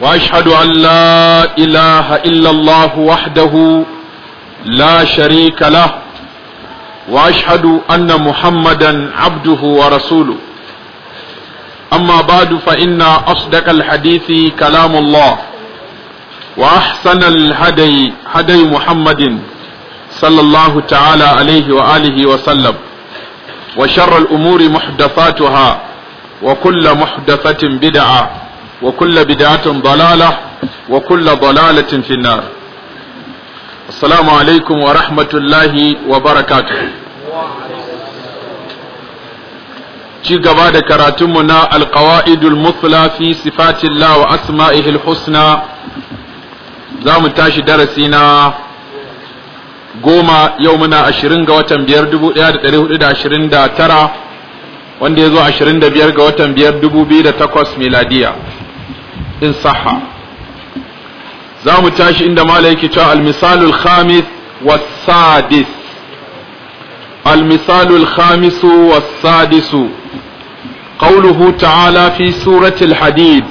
واشهد ان لا اله الا الله وحده لا شريك له واشهد ان محمدا عبده ورسوله اما بعد فان اصدق الحديث كلام الله واحسن الهدي هدي محمد صلى الله تعالى عليه واله وسلم وشر الامور محدثاتها وكل محدثه بدعه وكل بدعة ضلالة وكل ضلالة في النار السلام عليكم ورحمة الله وبركاته ci gaba da karatunmu na alkawa'idul mutla fi sifatin la wa asma'ihil husna za mu tashi darasi na goma yau muna ashirin ga watan biyar dubu ɗaya da hudu da ashirin da tara wanda ya zo ashirin da biyar ga watan biyar dubu biyu da takwas miladiya in saha za mu tashi inda mala yake cewa almisalul khamis wasadis almisalul khamisu wasadisu قوله تعالى في سورة الحديد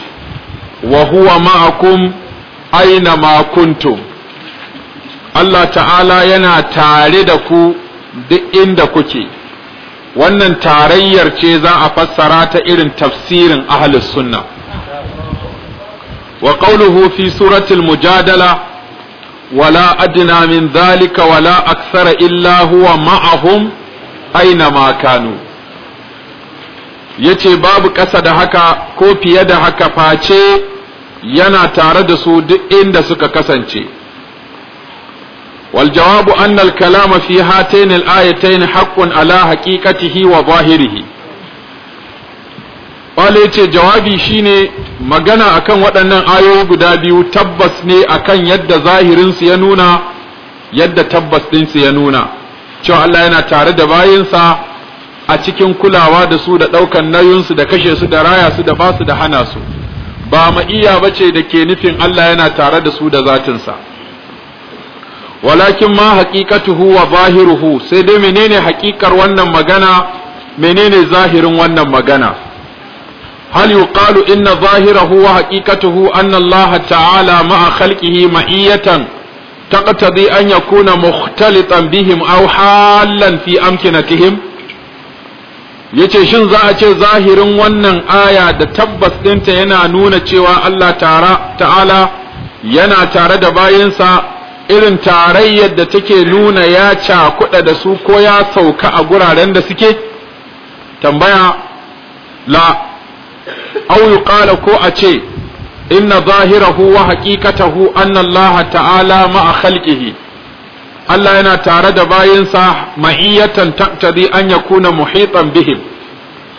وهو معكم أينما كنتم Allah ta'ala yana tare da ku duk inda kuke wannan tarayyar ce za a fassara ta irin tafsirin ahlus sunna وقوله في سورة المجادلة ولا أدنى من ذلك ولا أكثر إلا هو معهم أينما كانوا yace babu ƙasa da haka ko fiye da haka face yana tare da su duk inda suka kasance wal jawabu annal kalama fi hatain al ayatain haqqun ala haqiqatihi wa zahirihi Kwale ce jawabi shine magana akan waɗannan ayoyi guda biyu tabbas ne akan yadda zahirinsu ya nuna yadda tabbas ɗinsu ya nuna cewa Allah yana tare da bayinsa a cikin kulawa da su da ɗaukan nayunsu da kashe su da raya su da ba su da hana su ba ma'iya ba ce da ke nufin Allah yana tare da su da zatinsa walakin ma haƙiƙatuhu wa hu sai dai menene haƙiƙar wannan magana menene zahirin wannan magana هل يقال إن ظاهره وحقيقته أن الله تعالى مع خلقه معية تقتضي أن يكون مختلطا بهم أو حالا في أمكنتهم yace shin za a ce zahirin wannan aya da tabbas ɗinta yana nuna cewa Allah ta'ala yana tare da bayansa irin tarayyar da take nuna ya kuɗa da su ko ya sauka a guraren da suke tambaya la aw yuqala ko a ce inna zahirahu wa haqiqatahu annallaha Allah ta'ala ma'a halkihi. Allah yana tare da bayinsa ma'iyatan taqtadi an yakuna muhitan bihim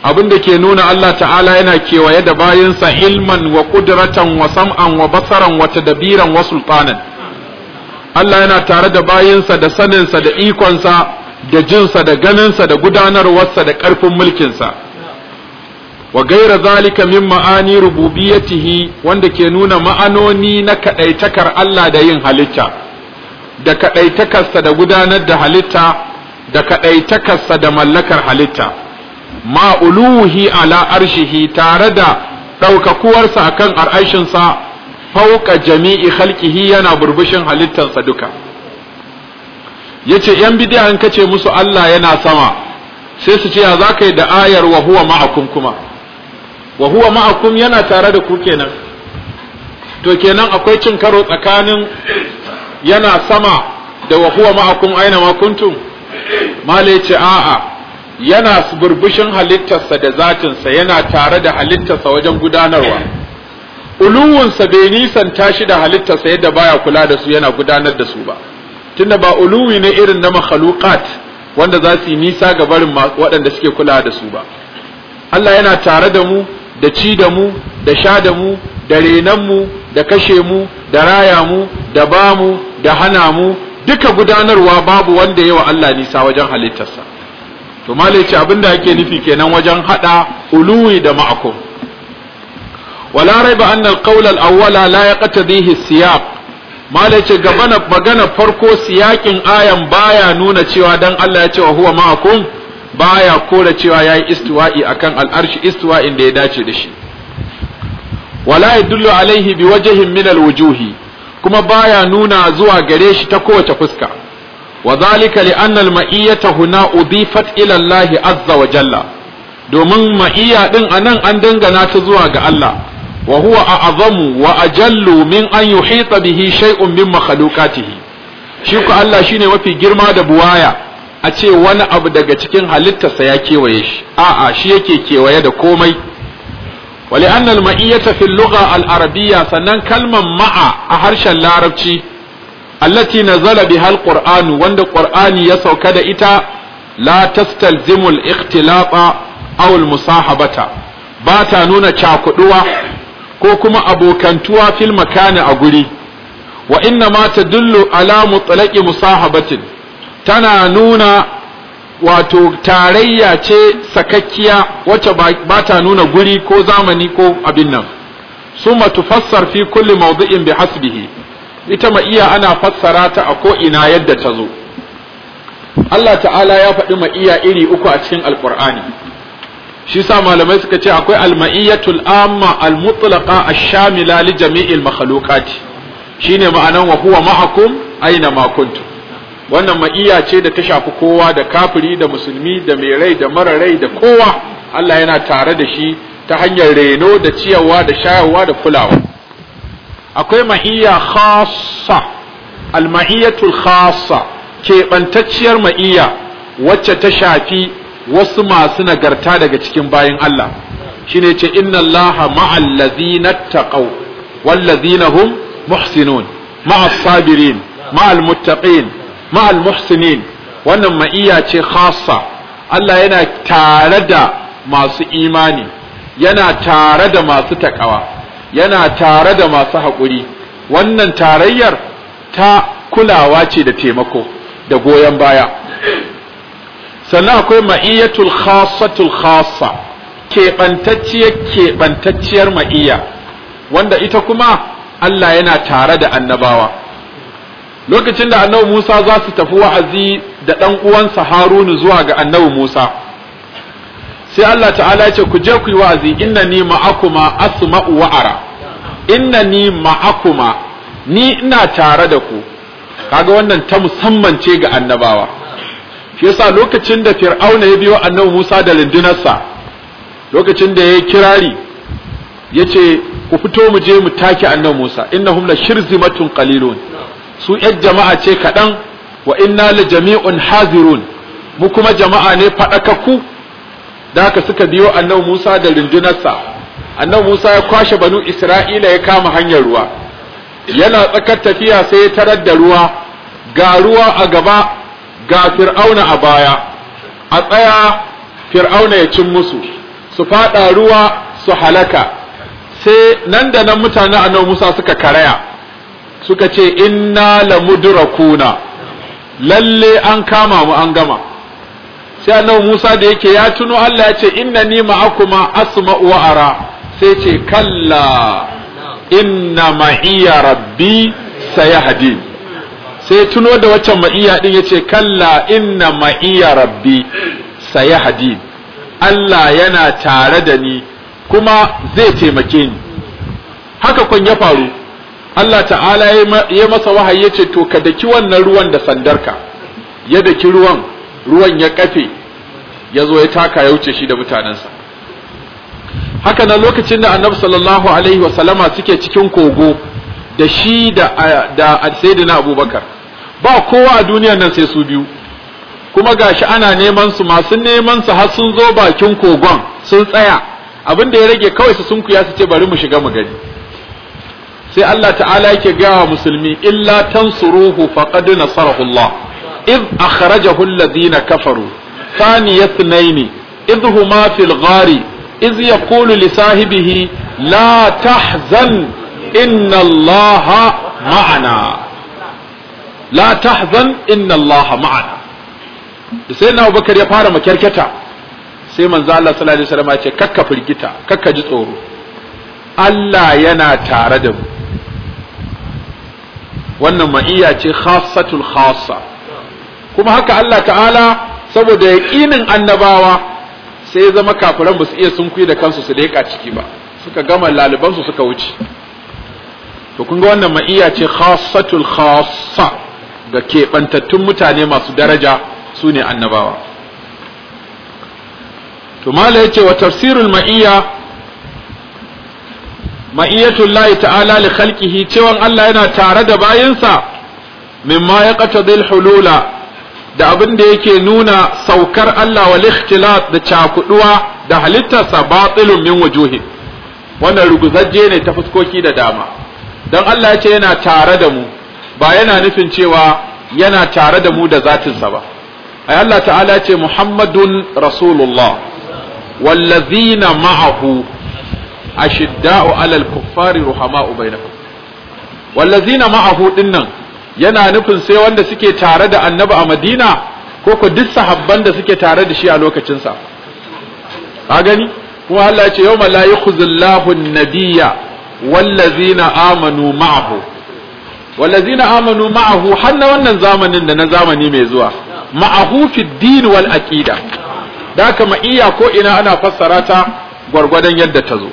abin da ke nuna Allah ta'ala yana kewaye da bayansa ilman wa kudratan wa sam'an wa basaran wa tadbiran wa sultanan Allah yana tare da bayinsa da saninsa da ikonsa da jinsa da ganinsa da gudanarwarsa da ƙarfin mulkinsa wa gaira zalika min ma'ani rububiyatihi wanda ke nuna ma'anoni na kadaitakar Allah da yin halitta da kadaitakarsa da gudanar da halitta da kadaitakarsa da mallakar halitta ma uluhi ala arshihi tare da ɗaukakuwarsa akan sa fauka jami'i khalqihi yana burbushin halittarsa duka yace yan bid'a an kace musu Allah yana sama sai su ce ya zaka yi da ayar wa huwa ma'akum kuma wa huwa ma'akum yana tare da ku kenan to kenan akwai cin karo tsakanin yana sama da wa huwa ma'akum aina ma kuntum mala yace a'a yana burbushin halittarsa da zatinsa yana tare da halittarsa wajen gudanarwa uluwunsa bai nisan tashi da halittarsa yadda baya kula da su yana gudanar da su ba tunda ba uluwi ne irin na makhluqat wanda za su yi nisa ga barin waɗanda suke kula da su ba Allah yana tare da mu da ci da mu da sha da mu da renan mu da kashe mu da raya mu da ba mu da hana mu duka gudanarwa babu wanda yawa Allah nisa wajen halittarsa to malai ce abinda ake nufi kenan wajen hada uluwi da ma'akum wala raiba anna al-qawl al-awwala la yaqtadihi siyaq malai ce gaba na magana farko siyakin ayan baya nuna cewa dan Allah ya ce wa huwa ma'akum baya kora cewa yayi istiwa'i akan al'arshi istiwa'in da ya dace da shi wala yadullu alaihi biwajhin min alwujuhi kuma baya nuna zuwa gare shi ta kowace fuska wa zalika li anna al-ma'iyyata huna udifat ila Allah azza wa jalla domin ma'iyya din anan an dangana ta zuwa ga Allah wa huwa a'zamu wa ajallu min an yuhita bihi shay'un min makhluqatihi shi ko Allah shine mafi girma da buwaya a ce wani abu daga cikin halittarsa ya kewaye shi a'a shi yake kewaye da komai wale annal ma'iyyata fil lugha al arabiyya sannan kalman ma'a a harshen larabci allati nazala bihal qur'anu wanda ƙur'ani ya sauka da ita la tastalzimul ikhtilafa aw al musahabata ba ta nuna cakuɗuwa ko kuma abokantuwa fil makani a guri wa inna ma tadullu ala mutlaqi musahabatin tana nuna wato tarayya ce sakakkiya wacce ba ta nuna guri ko zamani ko abin nan summa tufassar fi kulli mawdu'in bi hasbihi ita ma'iya ana fassara ta a ko ina yadda ta zo Allah ta'ala ya faɗi ma'iya iri uku a cikin alkur'ani shi sa malamai suka ce akwai alma'iyyatul amma almutlaqa ash-shamila li jami'il makhluqati shine ma'anan wa huwa ma'akum aina ma kuntum wannan ma'iya ce da ta shafi kowa da kafiri da musulmi da mai rai da mara rai da kowa Allah yana tare da shi ta hanyar reno da ciyarwa da shayarwa da kulawa akwai ma'iyya khassa al-ma'iyyatul khassa keɓantacciyar ma'iyya wacce ta shafi wasu masu nagarta daga cikin bayan Allah shine ce inna allaha ma'al ladhina taqaw wal ladhina hum muhsinun ma'as sabirin ma'al muttaqin ma'al muhsinin wannan ma'iyya ce khassa Allah yana tare da masu imani yana tare da masu takawa yana tare da masu haƙuri wannan tarayyar ta kulawa ce da taimako da goyon baya sannan akwai ma'iyyatul khassatul khassa keɓantacciyar keɓantacciyar ma'iyya wanda ita kuma Allah yana tare da annabawa lokacin da annabi Musa za su tafi wa'azi da ɗan uwansa Harunu zuwa ga annabi Musa sai Allah ta'ala ya ce ku je ku yi wa'azi innani ma'akuma asma'u wa'ara innani ma'akuma ni ina tare da ku kaga wannan ta musamman ce ga annabawa shi yasa lokacin da fir'auna ya biyo annabi Musa da lindunarsa lokacin da ya kirari ya ce ku fito mu je mu take annabi Musa innahum la shirzimatun qalilun su ‘yan jama'a ce kaɗan wa inna la jami'un hazirun mu kuma jama'a ne faɗakakku da haka suka biyo annabi Musa da rundunarsa annabi Musa ya kwashe banu Isra'ila ya kama hanyar ruwa yana tsakar tafiya sai ya tarar da ruwa ga ruwa a gaba ga fir'auna a baya a tsaya fir'auna ya cin musu su fada ruwa su halaka sai nan da nan mutane annabi Musa suka karaya suka ce inna mudrakuna lalle an kama mu an gama sai annabi Musa da yake ya tuno Allah ya ce innani ma'akuma asma'u wa ara sai ce kalla inna ma'iya rabbi sayahdi sai tuno da waccan ma'iya din yace kalla inna ma'iya rabbi sayahdi Allah yana tare da ni kuma zai taimake ni haka kun ya faru Allah ta'ala ya masa wahayi ya ce to ka daki wannan ruwan da sandarka ya daki ruwan ruwan ya kafe ya zo ya taka ya wuce shi da mutanensa haka nan lokacin da annabi sallallahu alaihi wa sallama suke cikin kogo da shi da da sayyidina abubakar ba kowa a duniyar nan sai su biyu kuma gashi ana neman su masu neman su har sun zo bakin kogon sun tsaya abin da ya rage kawai su kuya su ce bari mu shiga mu gani sai Allah ta'ala yake gawa musulmi illa tansuruhu faqad nasarahu Allah id akhrajahu alladhina kafaru thani yathnaini id huma fil ghari Iz yaqulu li sahibihi la tahzan inna Allaha ma'ana la tahzan inna ma'ana sai na Abubakar ya fara makyarketa sai manzo Allah sallallahu alaihi wasallam ya ce kakka firgita kakka ji tsoro Allah yana tare da mu wannan ma'iyya ce khasatul-khasa kuma haka Allah ta'ala saboda yaqinin annabawa sai ya zama kafiran ba su iya sunkuyi da kansu su leƙa ciki ba suka gama laliban su suka wuce to kun ga wannan ma'iyya ce khasatul khassa ga keɓantattun mutane masu daraja su ne annabawa to mala yace wa tafsirul ma'iyya ma'iyatullahi ta'ala li khalqihi cewa Allah yana tare da bayinsa mimma ya dil hulula da abin da yake nuna saukar Allah wal ikhtilat da cakuduwa da halittarsa batilun min wujuhi wannan ruguzajje ne ta fuskoki da dama dan Allah ya ce yana tare da mu ba yana nufin cewa yana tare da mu da zatinsa ba ai Allah ta'ala ce Muhammadun Rasulullah wallazina ma'ahu ashidda'u alal kuffari ruhama'u bainakum wallazina ma'ahu dinnan yana nufin sai wanda suke tare da annabi a madina ko ko duk sahabban da suke tare da shi a lokacin sa ka gani kuma Allah ya ce yawma la yukhzillahu an-nabiyya wallazina amanu ma'ahu wallazina amanu ma'ahu har na wannan zamanin da na zamani mai zuwa ma'ahu fi din wal aqida da kama iya ko ina ana fassara ta gwargwadon yadda ta zo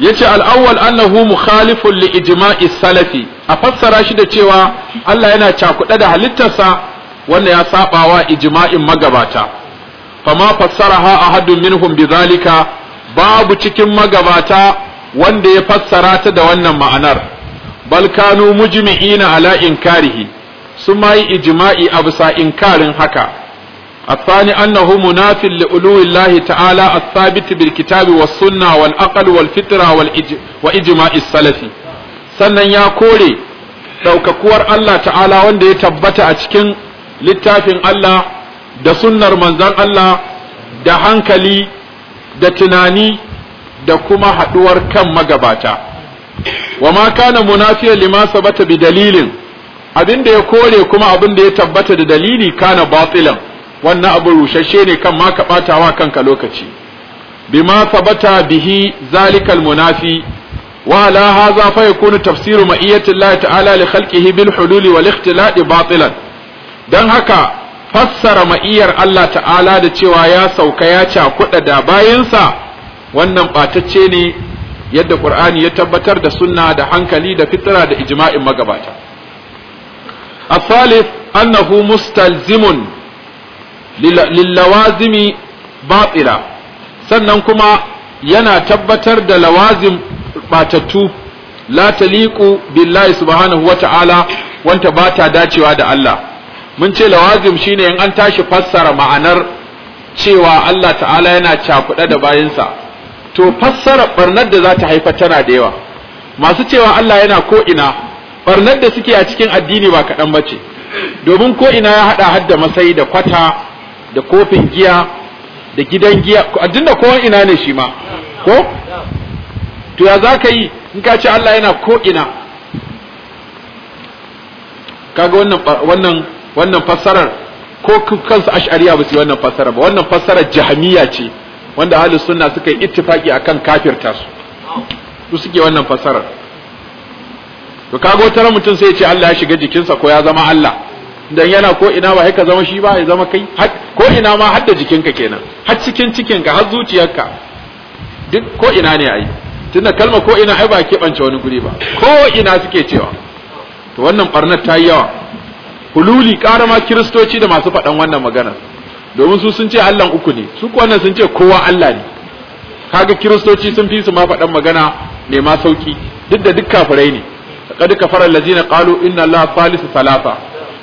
yace al-awwal annahu mukhalifun li ijma'i salafi a fassara shi da cewa Allah yana cakuɗa da halittarsa wanda ya wa ijma'in magabata fama fassaraha ahadun minhum bidhalika babu cikin magabata wanda ya fassara ta da wannan ma'anar bal kanu mujmi'ina ala inkarihi sun ma yi ijma'i a bisa inkarin haka الثاني أنه مناف لألو الله تعالى الثابت بالكتاب والسنة والأقل والفطرة وإجماع السلف sannan ya kore ɗaukakuwar Allah ta'ala wanda ya tabbata a cikin littafin Allah da sunnar manzan Allah da hankali da tunani da kuma haɗuwar kan magabata wa ma kana munafiyan lima sabata bi dalilin abin da ya kore kuma abin da ya tabbata da dalili kana batilan wannan abu rushashe ne kan ma ka batawa kanka lokaci bima sabata bihi zalikal munafi wa ala hadha fa yakunu tafsiru ma'iyati ta'ala li khalqihi bil hulul wal ikhtilati batilan dan haka fassara ma'iyar Allah ta'ala da cewa ya sauka ya cakuɗa da bayansa wannan ɓatacce ne yadda Qur'ani ya tabbatar da sunna da hankali da fitra da ijma'in magabata الثالث أنه مستلزم lillawazimi batila sannan kuma yana tabbatar da lawazim batattu la taliqu billahi subhanahu wata'ala wanta ba ta dacewa da Allah mun ce lawazim shine in an tashi fassara ma'anar cewa Allah ta'ala yana cakuɗa da bayansa to fassara barnar da za ta haifa tana da yawa masu cewa Allah yana ko ina barnar da suke a cikin addini ba kaɗan bace domin ko ina ya haɗa hadda masai da kwata da kofin giya da gidan giya dinda kowa ina ne shi ma ko to ya za ka yi in ka ce Allah yana ko ina kaga wannan wannan wannan fassarar ko kansu ash'ariya ba su yi wannan fassarar. ba wannan fassarar jahmiya ce wanda ahlus sunna suka yi ittifaki akan kafirta su su suke wannan fassarar to kaga wata mutum sai ya ce Allah ya shiga jikinsa ko ya zama Allah dan yana ko ina ba ka zama shi ba ya zama kai ko ina ma hadda jikinka kenan har cikin cikinka har zuciyarka duk ko ina ne ai tunda kalma ko ina ai ba bance wani guri ba ko ina suke cewa to wannan barnar ta yi yawa hululi karama ma kiristoci da masu faɗan wannan magana domin su sun ce Allah uku ne su ko wannan sun ce kowa Allah ne kaga kiristoci sun fi su ma faɗan magana ne ma sauki duk da duk kafirai ne laqad kafara allazina qalu inna allaha salisu salasa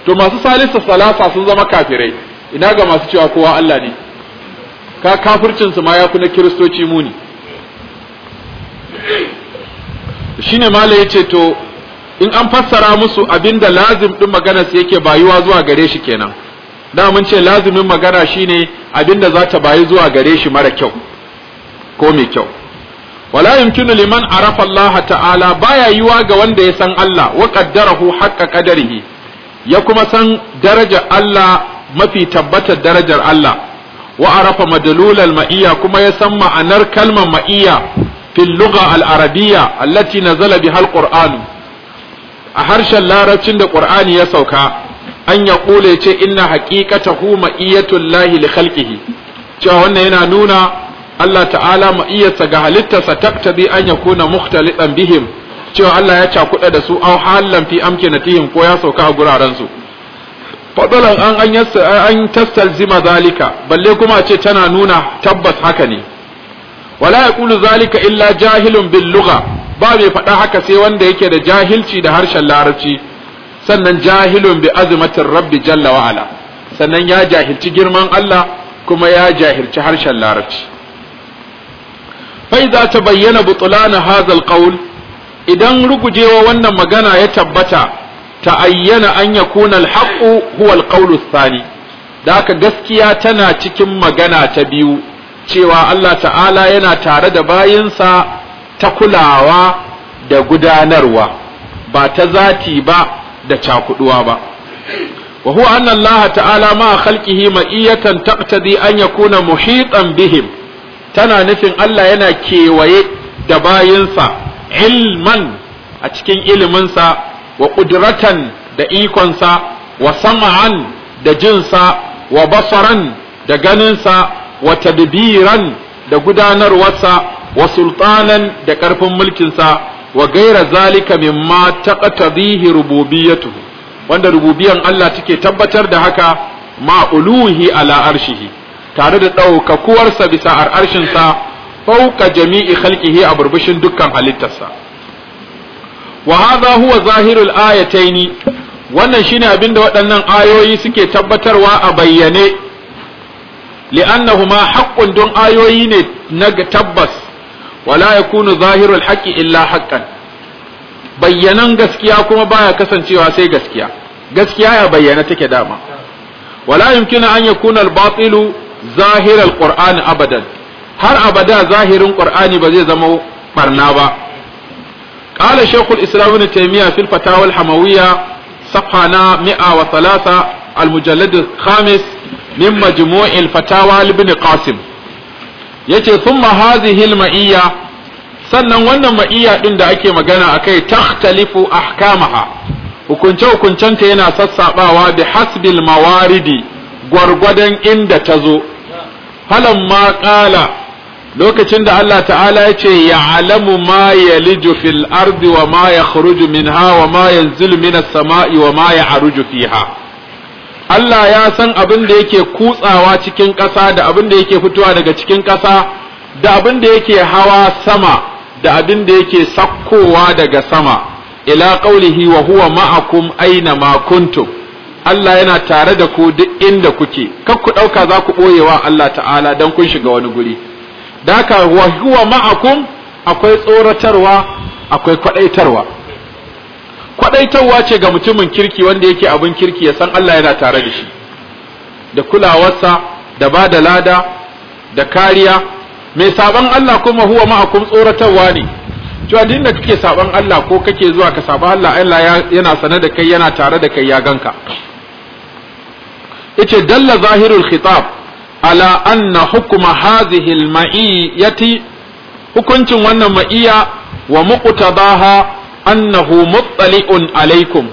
to masu salisa salasa sun zama kafirai ina ga masu cewa kowa Allah ne ka kafircin su ma ya kuna kiristoci muni shine mala yace to in an fassara musu abinda lazim din magana su yake bayuwa zuwa gare shi kenan da mun ce lazimin magana shine abinda za ta bayi zuwa gare shi mara kyau ko mai kyau wala yumkinu liman arafa Allah ta'ala baya yiwa ga wanda ya san Allah wa qaddarahu haqqa qadarihi ya kuma san darajar Allah mafi tabbatar darajar Allah wa arafa madalulal ma'iyya kuma ya san ma'anar kalmar ma'iyya fil lugha al arabiyya allati nazala biha al qur'an a harshen larabcin da qur'ani ya sauka an ya kule ce inna haqiqatahu ma'iyatul lahi li khalqihi cewa wannan yana nuna Allah ta'ala ma'iyyarsa ga halittarsa taktabi an yakuna mukhtalitan bihim cewa Allah ya cakuɗa da su au halan fi natihin ko ya sauka a guraren su fadalan an an an tastalzima zalika balle kuma ce tana nuna tabbas haka ne wala yaqulu zalika illa jahilun bil lugha ba mai faɗa haka sai wanda yake da jahilci da harshen larabci sannan jahilun bi azmatin rabbi jalla wa ala sannan ya jahilci girman Allah kuma ya jahilci harshen larabci fa idza tabayyana butlan hadha alqawl idan rugujewa wannan magana ya tabbata ta ayyana an yakuna kuna huwa al da haka gaskiya tana cikin magana ta biyu cewa Allah ta'ala yana tare da bayinsa ta kulawa da gudanarwa ba ta zati ba da cakuduwa ba wa huwa anna Allah ta'ala ma khalqihi ma'iyatan taqtadi an yakuna muhitan bihim tana nufin Allah yana kewaye da bayinsa ilman a cikin iliminsa wa ƙudratan da ikonsa wa sama'an da jinsa wa basaran da ganinsa wa tadbiran da gudanarwarsa wa sultanan da ƙarfin mulkinsa wa gaira zalika mimma taqtadihi rububiyatu wanda rububiyan Allah take tabbatar da haka ma'uluhi uluhi ala arshihi tare da ɗaukakuwarsa bisa arshinsa fauka jami'i khalqihi a burbushin dukkan halittarsa wa hadha huwa zahirul ayataini wannan shine abinda waɗannan ayoyi suke tabbatarwa a bayyane li'annahuma haqqun don ayoyi ne na tabbas wala yakunu zahirul haqqi illa haqqan bayyanan gaskiya kuma baya kasancewa sai gaskiya gaskiya ya bayyana take dama wala yumkinu an yakuna al-batilu zahiral al abadan har abada zahirin qur'ani ba zai zama barna ba qala shaykhul islam ibn taymiya fil fatawa al hamawiyya safhana 103 al mujallad al khamis min majmu' al fatawa ibn qasim yace thumma hadhihi al ma'iyya sannan wannan ma'iyya din da ake magana akai takhtalifu ahkamaha hukunce hukuncenta yana sassabawa bi hasbil mawaridi gwargwadon inda ta zo halan ma kala lokacin da Allah ta'ala ya ce ya'lamu ma yaliju fil ardi wa ma yakhruju minha wa ma yanzilu minas sama'i wa ma ya'ruju fiha Allah ya san abin da yake kutsawa cikin ƙasa da abin da yake fitowa daga cikin ƙasa da abin da yake hawa sama da abin da yake sakkowa daga sama ila qaulihi wa huwa ma'akum aina ma kuntum Allah yana tare da ku duk inda kuke kar ku ɗauka za ku ɓoyewa Allah ta'ala dan kun shiga wani guri da wa huwa ma'akum akwai tsoratarwa akwai kwadaitarwa kwadaitarwa ce ga mutumin kirki wanda yake abin kirki ya san Allah yana tare da shi da kulawarsa da ba da lada da kariya mai saban Allah kuma huwa ma'akum tsoratarwa ne cewa dinda kake saban Allah ko kake zuwa ka saba Allah Allah yana sane da kai yana tare da kai ya ganka yace dalla zahirul khitab ala anna hukuma hadhihi al-ma'iyyati hukuncin wannan ma'iya wa muqtabaha annahu muttali'un alaikum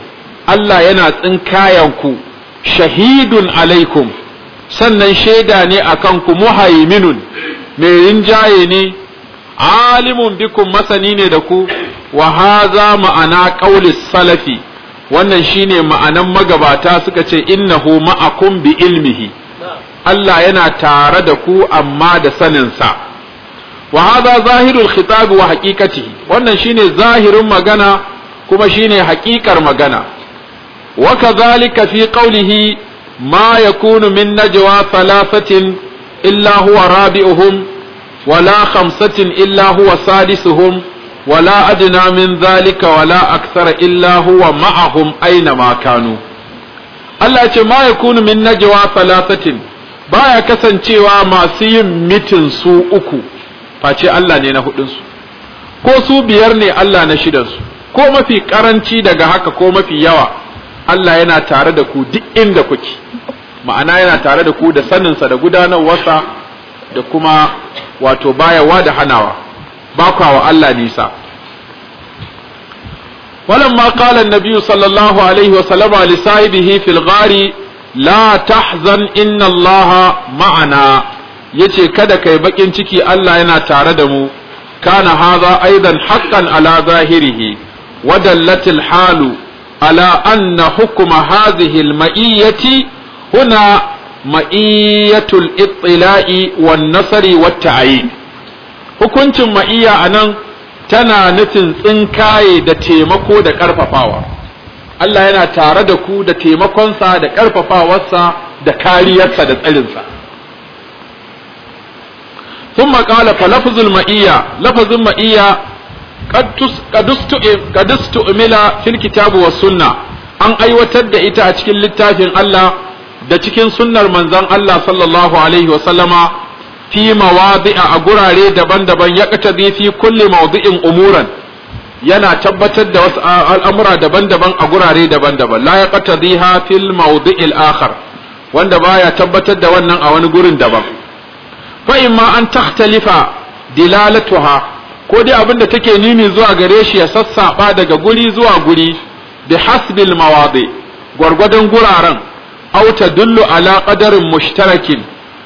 Allah yana ku. shahidun alaikum sannan shaida ne akan ku muhaiminun mai rinjaye ne alimun bikum masani ne da ku wa haza ma'ana qaulis salafi wannan shine ma'anan magabata suka ce innahu ma'akum bi ilmihi Allah yana tare da ku amma da saninsa wa hadha zahirul khitab wa haqiqatihi wannan shine zahirin magana kuma shine haƙiƙar magana wa kadhalika fi qawlihi ma yakunu min najwa thalathatin illa huwa rabi'uhum wala khamsatin illa huwa sadisuhum wala adna min zalika wala akthara illa huwa ma'ahum aina ma kanu Allah ce ma yakunu min najwa thalathatin baya kasancewa masu yin mitin su uku face Allah ne na hudunsu ko su biyar ne Allah na shidansu ko mafi karanci daga haka ko mafi yawa Allah yana tare da ku duk inda kuke ma'ana yana tare da ku da saninsa da gudanarwarsa da kuma wato bayawa da hanawa ba wa Allah nisa ولما قال النبي صلى الله عليه وسلم لصاحبه في الغار la tahzan inna allaha ma'ana yace kada kai baƙin ciki Allah yana tare da mu kana haza aizan haqqan ala zahirihi wa dallatil halu ala anna hukma hadhihi al-ma'iyyati huna ma'iyyatul ittila'i wan nasri wat ta'yin hukuncin ma'iyya nan tana nufin tsinkaye da taimako da ƙarfafawa. Allah yana tare da ku da taimakonsa da ƙarfafawarsa da kariyarsa da tsarinsa Sun قال فلفظ المئية لفظ المئية قد استعمل في wa sunna. an aiwatar da ita a cikin littafin Allah da cikin sunnar manzon Allah sallallahu alaihi wasallama fi mawadi'a a gurare daban-daban ya katabi fi kulle mawdi'in umuran yana tabbatar da wasu al'amura daban-daban a gurare daban-daban la yaqtadiha fil mawdi'il akhar wanda baya tabbatar da wannan a wani gurin daban fa ma an takhtalifa dilalatuha ko dai abin abinda take nuni zuwa gare shi ya sassaɓa daga guri zuwa guri bi hasbil mawadi gwargwadon guraren auta dullu ala qadarin mushtarakin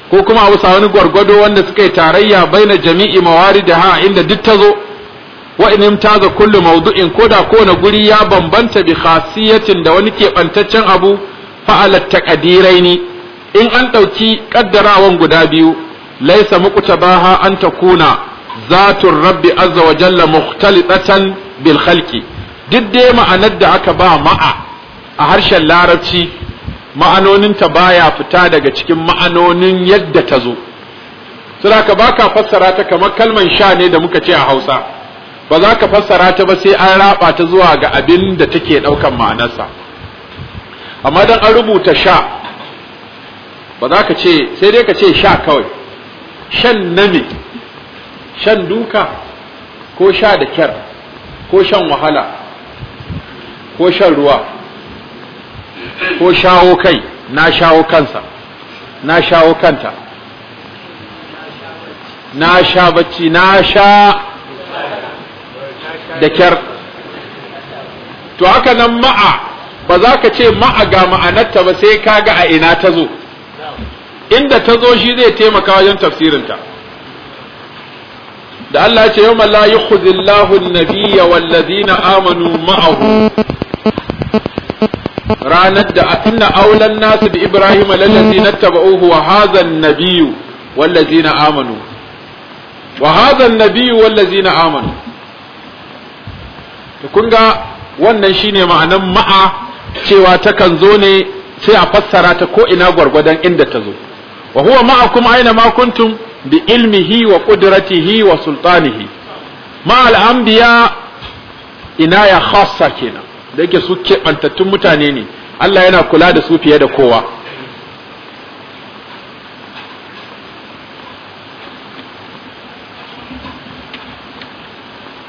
ko kuma a wani gwargwado wanda suka yi tarayya baina jami'i mawari da mawaridaha inda duk ta zo wa in imtaza kullu mawdu'in koda kowane guri ya bambanta bi khasiyatin da wani keɓantaccen abu fa'ala taqdiraini in an ɗauki ƙaddarawan guda biyu laisa muqtabaha an takuna zatur rabbi azza wa jalla mukhtalifatan bil khalqi duk ma'anar da aka ba ma'a a harshen larabci ma'anoninta baya fita daga cikin ma'anonin yadda ta zo saboda ka baka fassara ta kamar kalman sha ne da muka ce a Hausa ba za ka fassara ta ba sai an raba ta zuwa ga abin da take ɗaukan ma'anarsa amma dan an rubuta sha ba za ka ce sai dai ka ce sha kawai shan nami shan duka ko sha da kyar ko shan wahala ko shan ruwa ko shawo kai na shawo kansa na shawo kanta na sha bacci na sha da kyar to haka nan ma'a ba za ka ce ma'a ga ma'anarta ba sai ka ga a ina ta zo inda ta zo shi zai taimaka wajen tafsirinta da Allah ce yau la yukhzillahu nabiya nabiyya wallazina amanu ma'ahu ranar da inna aulan nasu da Ibrahim lallazina tabauhu wa hadha nabiyu nabiyyu wallazina amanu wa hadha an-nabiyyu wallazina amanu to kun ga wannan shine ma'anan ma'a cewa takan zo ne sai a fassara ta ko ina gwargwadon inda ta zo wa huwa kuma aina ma kuntum bi ilmihi wa qudratihi wa sultanihi ma al ina ya khassa kenan da yake su keɓantattun mutane ne Allah yana kula da su fiye da kowa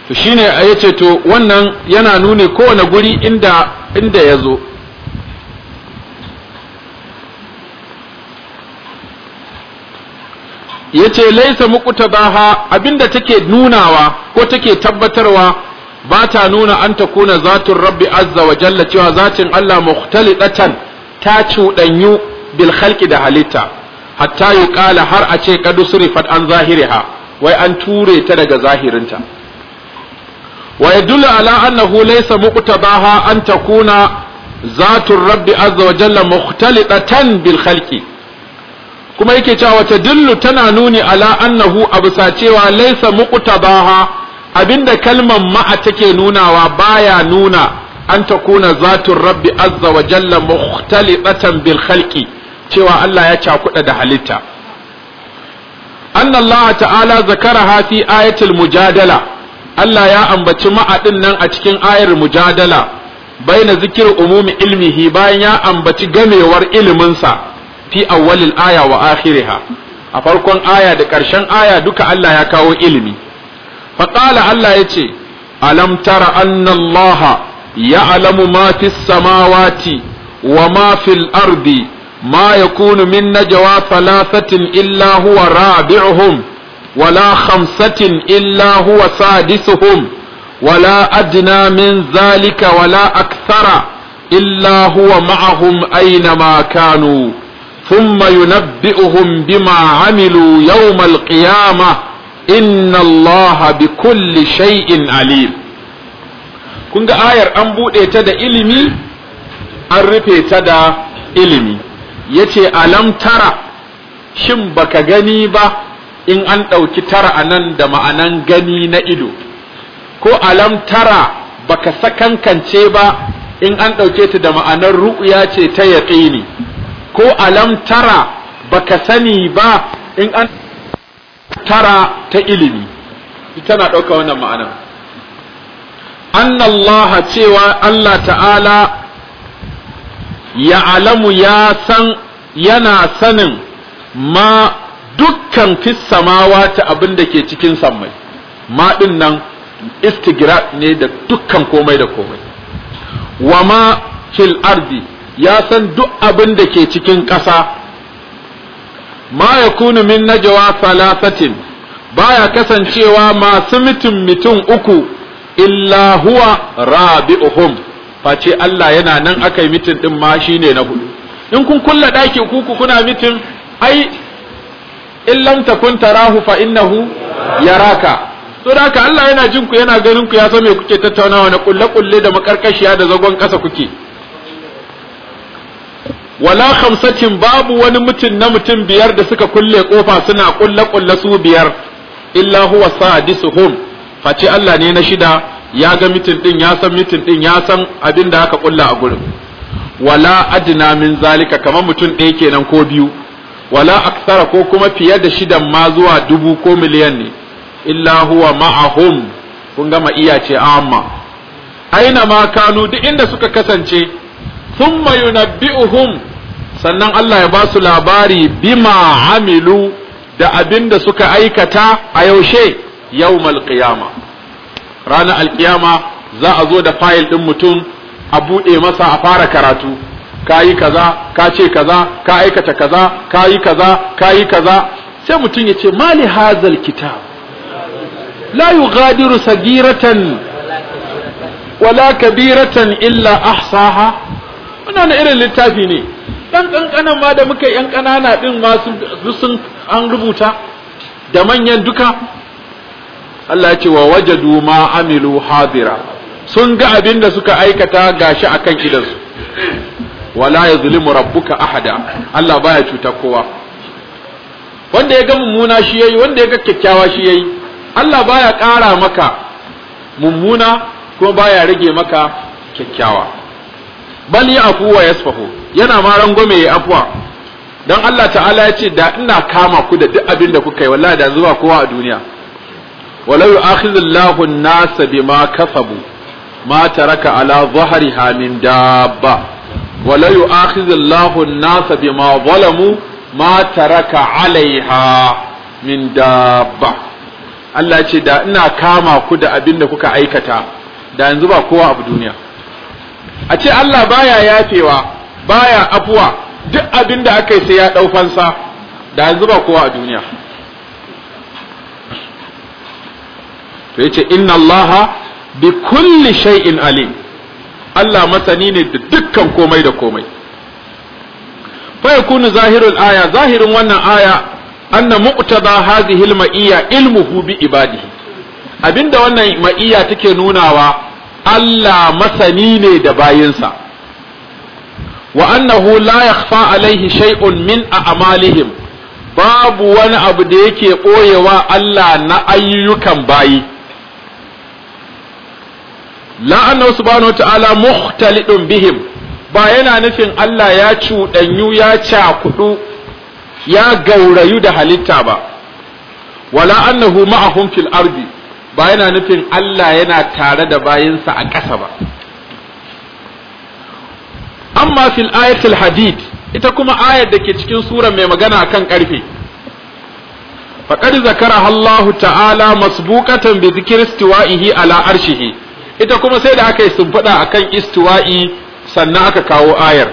to shine ya ce to wannan yana nune kowane guri inda inda ya zo ya ce laisa muqtabaha abinda take nunawa ko take tabbatarwa ba ta nuna an ta kuna zatun rabbi azza wa jalla cewa zatin Allah mukhtalidatan ta cuɗanyu bil khalqi da halitta hatta yuqala har a ce kadu surifat an zahiriha wai an ture ta daga zahirinta wa yadullu ala annahu laysa muqtabaha an takuna zatur rabbi azza wa jalla mukhtalidatan bil khalqi kuma yake cewa wata dillu tana nuni ala annahu abusa cewa laysa muqtabaha abinda kalman ma'a take nunawa baya nuna an kuna zatur rabbi azza wa jalla mukhtalidatan bil khalqi cewa Allah ya cakuɗa da halitta anna Allah ta'ala zakara hafi ayatul mujadala Allah ya ambaci ma'adin nan a cikin ayar mujadala baina zikir umumi ilmihi bayan ya ambaci gamewar iliminsa fi awwalil aya wa akhiriha a farkon aya da ƙarshen aya duka Allah ya kawo ilimi faqala Allah ya alam tara anna Allah ya'lamu ma fis samawati wa ma fil ardi ma yakunu min najwa thalathatin illa huwa rabi'uhum ولا خمسة إلا هو سادسهم ولا أدنى من ذلك ولا أكثر إلا هو معهم أينما كانوا ثم ينبئهم بما عملوا يوم القيامة إن الله بكل شيء عليم كنت آير أنبو إتدى إلمي أرب إتدى إلمي يتي ألم ترى شم بك غنيبة in an ɗauki tara a nan da ma'anan gani na ido ko alam tara baka sakankance ba in an ɗauke ta da ma'anar ru'uya ce ta yaƙini ko alam tara baka sani ba in an tara ta ilimi tana ɗauka wannan ma'anar annallaha cewa Allah ta'ala ya alamu ya san yana sanin ma dukkan fis ta abin da ke cikin sammai maɗin nan istigraq ne da dukkan komai da komai wa ma fil ardi ya san duk abin da ke cikin ƙasa ma yakunu min najwa salasatin baya kasancewa masu mutum mutum uku illa huwa rabi'uhum face Allah yana nan aka yi mitin din ma shine na hudu in kun kulla daki ku kuna mitin ai in lam takun tarahu fa innahu yaraka to da ka Allah yana jin ku yana ganin ku ya san me kuke tattaunawa na kulle kulle da makarkashiya da zagon kasa kuke wala khamsatin babu wani mutum na mutum biyar da suka kulle kofa suna kulle kulle su biyar illa huwa sadisuhum face Allah ne na shida ya ga mutum din ya san mutum din ya san abin da aka kulla a gurin wala adna min zalika kamar mutum ɗaya kenan ko biyu wala aksara ko kuma fiye da shidan ma zuwa dubu ko miliyan ne illa huwa ma'ahum kun gama iya ce amma aina ma kanu duk inda suka kasance thumma yunabbi'uhum sannan Allah ya ba su labari bima amilu da abin da suka aikata a yaushe yawmal qiyama ranar alkiyama za a zo da fayil din mutum a buɗe masa a fara karatu ka yi kaza ka ce kaza ka aikata kaza ka yi kaza ka yi kaza sai mutum ya ce mali hazal kitab la yughadiru sagiratan wala kabiratan illa ahsaha wannan irin littafi ne dan kankanan ma da muka yan kanana din ma sun an rubuta da manyan duka Allah ya ce wa wajadu ma amilu hadira sun ga abin da suka aikata gashi akan idansu wala yazlimu rabbuka ahada Allah baya cuta kowa wanda ya ga mummuna shi yayi wanda ya ga kyakkyawa shi yayi Allah baya ƙara maka mummuna kuma baya rage maka kyakkyawa bal ya afu wa yasfahu yana ma rangwame ya afuwa dan Allah ta'ala ya ce da ina kama ku da duk abin da kuka yi wallahi da zuwa kowa a duniya walau yu'akhidhullahu an-nasa bima kasabu ma taraka ala dhahriha min dabba wala yu'akhidhullahu an-nasa bima zalamu ma taraka 'alaiha min dabba Allah ce da ina kama ku da abin da kuka aikata da yanzu ba kowa abu duniya a ce Allah baya yafewa baya afuwa duk abin da aka yi sai ya dau da yanzu ba kowa a duniya to yace inna Allah bi kulli shay'in alim Allah masani ne da dukkan komai da komai fa zahirul aya zahirin wannan aya anna muqtada hadhihi al-ma'iyya ilmuhu bi ibadihi abinda wannan ma'iyya take nunawa Allah masani ne da bayinsa wa annahu la yakhfa alaihi shay'un min a'malihim babu wani abu da yake ɓoyewa Allah na ayyukan bayi la'annahu subhanahu wataala mukhtalidun bihim ba yana nufin Allah ya cuɗanyu ya cakudu ya gaurayu da halitta ba wala annahu ma'ahum fil ardi ba yana nufin Allah yana tare da bayinsa a ƙasa ba amma fil ayatul hadid ita kuma ayar da ke cikin sura mai magana akan ƙarfe. faqad zakara Allah ta'ala masbuqatan bi dhikri istiwa'ihi ala arshihi ita kuma sai da aka yi a akan istiwa'i sannan aka kawo ayar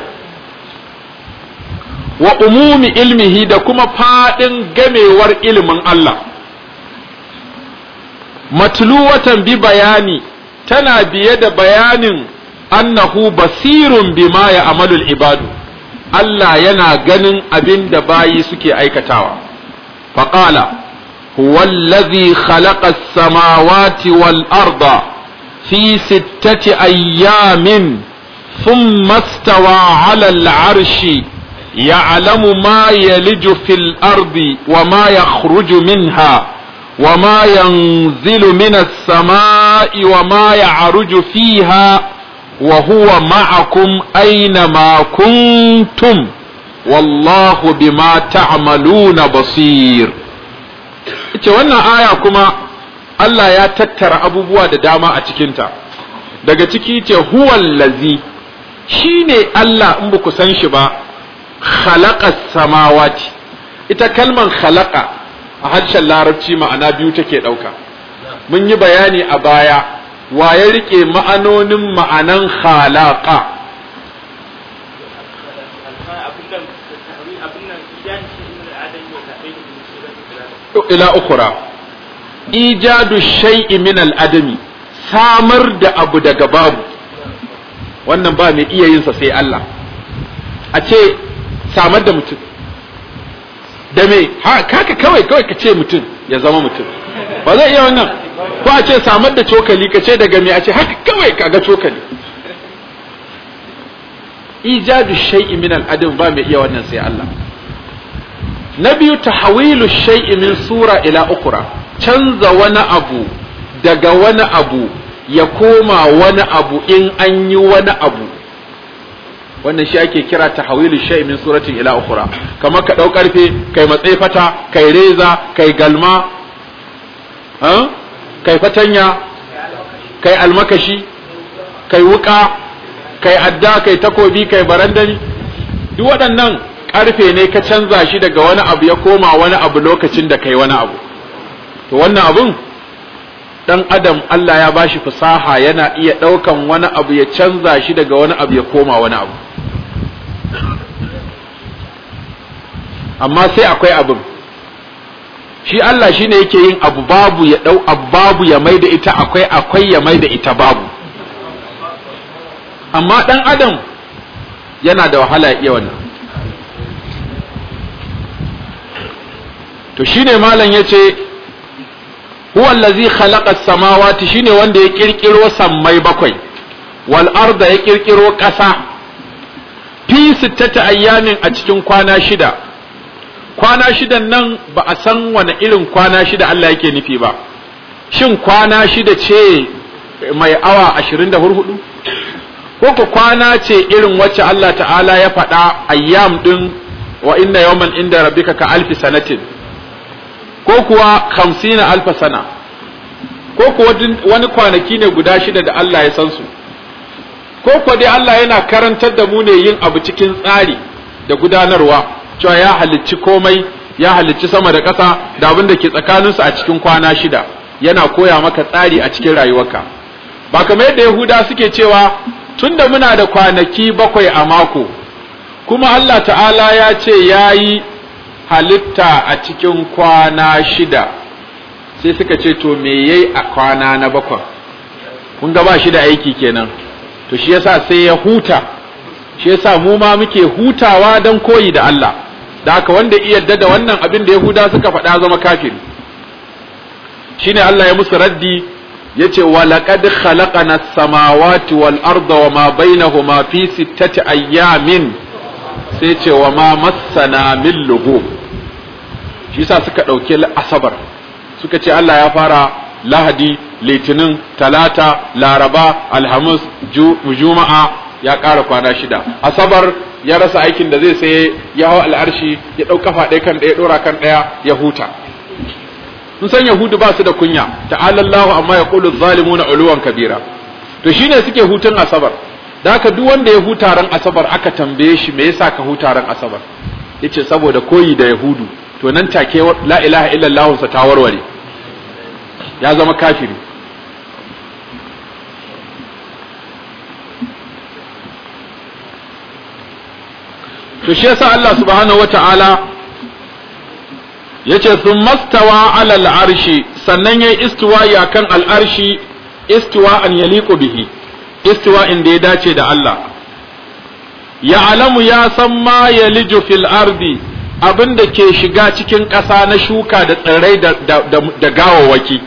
wa umumi ilmihi da kuma faɗin gamewar ilimin Allah matluwatan bi bayani tana biye da bayanin annahu basirun bima ya amalul ibadu Allah yana ganin abin da bayi suke aikatawa faƙala. huwallazi khalaqa samawati wal arda في ستة أيام ثم استوى على العرش يعلم ما يلج في الأرض وما يخرج منها وما ينزل من السماء وما يعرج فيها وهو معكم أينما كنتم والله بما تعملون بصير إيش wannan aya Allah ya tattara abubuwa da dama a cikinta daga ciki ce huwal lazi ne Allah in ba ku san shi ba khalaqa samawati ita kalman khalaqa a harshen larabci ma'ana biyu take ɗauka. mun yi bayani a baya wa ya rike ma'anonin ma'anan khalaqa ila ukura ijadu shay'i min al-adami samar da abu daga babu wannan ba mai iya yinsa sai Allah a ce samar da mutum da me haka kawai kawai ka ce mutum ya zama mutum ba zai iya wannan ko a ce samar da cokali ka ce daga me a ce haka kawai ka ga cokali ijadu shay'i min al ba mai iya wannan sai Allah na biyu tahwilu shay'i min sura ila ukra canza wani abu daga wani abu ya koma wani abu in an yi wani abu wannan shi ake kira hawilu shai min suratin ila ukura kamar ka ɗau ƙarfe kai matsayi fata kai reza kai galma kai fatanya kai almakashi kai wuka kai adda kai takobi kai barandani duk waɗannan ƙarfe ne ka canza shi daga wani abu ya koma wani abu lokacin da kai wani abu to wannan abun dan adam Allah ya bashi fasaha yana iya ɗaukan wani abu ya canza shi daga wani abu ya koma wani abu amma sai akwai abin shi Allah shine yake yin abu babu ya dau abu babu ya maida ita akwai akwai ya maida ita babu amma dan adam yana da wahala ya iya wannan to shine malam yace huwa allazi khalaqa as-samawati shine wanda ya kirkiro sammai bakwai wal arda ya kirkiro ƙasa fi sittata ayyamin a cikin kwana shida kwana shida nan ba a san wani irin kwana shida Allah yake nufi ba shin kwana shida ce mai awa ashirin da ko kwana ce irin wacce Allah ta'ala ya faɗa ayyam ɗin wa inna yawman inda rabbika ka alfi sanatin ko kuwa hamsina alfa sana ko kuwa wani kwanaki ne guda shida da Allah ya san su ko kuwa dai Allah yana karantar da mu ne yin abu cikin tsari da gudanarwa cewa ya halicci komai ya halicci sama da ƙasa da abin da ke tsakaninsu a cikin kwana shida yana koya maka tsari a cikin rayuwarka ba kamar yadda yahuda suke cewa tunda muna da kwanaki bakwai a mako kuma Allah ta'ala ya ce ya yi halitta a cikin kwana shida sai suka ce to me yayi a kwana na bakwai kun ga ba shi da aiki kenan to shi yasa sai ya huta shi yasa mu ma muke hutawa don koyi da Allah da haka wanda iya yarda da wannan abin da Yahuda suka faɗa zama kafiri shine Allah ya musu raddi yace wa laqad khalaqana as-samawati wal arda wa ma bainahuma fi sittati ayyamin sai ce wa ma masana min lughub shi sa suka dauke asabar suka ce Allah ya fara lahadi litinin talata laraba alhamis juma'a ya ƙara kwana shida asabar ya rasa aikin da zai sai ya hau al'arshi ya ɗau kafa ɗaya kan ɗaya ɗora kan ɗaya ya huta sun san yahudu ba su da kunya ta'alallahu amma ya ƙulu zalimu na uluwan kabira to shine suke hutun asabar da haka duk wanda ya huta ran asabar aka tambaye shi me yasa ka huta ran asabar yace saboda koyi da yahudu to nan take la ilaha illallah sa ta warware ya zama kafiri to shi yasa Allah subhanahu wataala yace sun mastawa alal arshi sannan yayi istiwa yakan al arshi istiwa an yaliqu bihi istiwa'in da ya dace da Allah ya'lamu ya san ma lijo fil ardi abin da ke shiga cikin ƙasa na shuka da tsirrai da gawawaki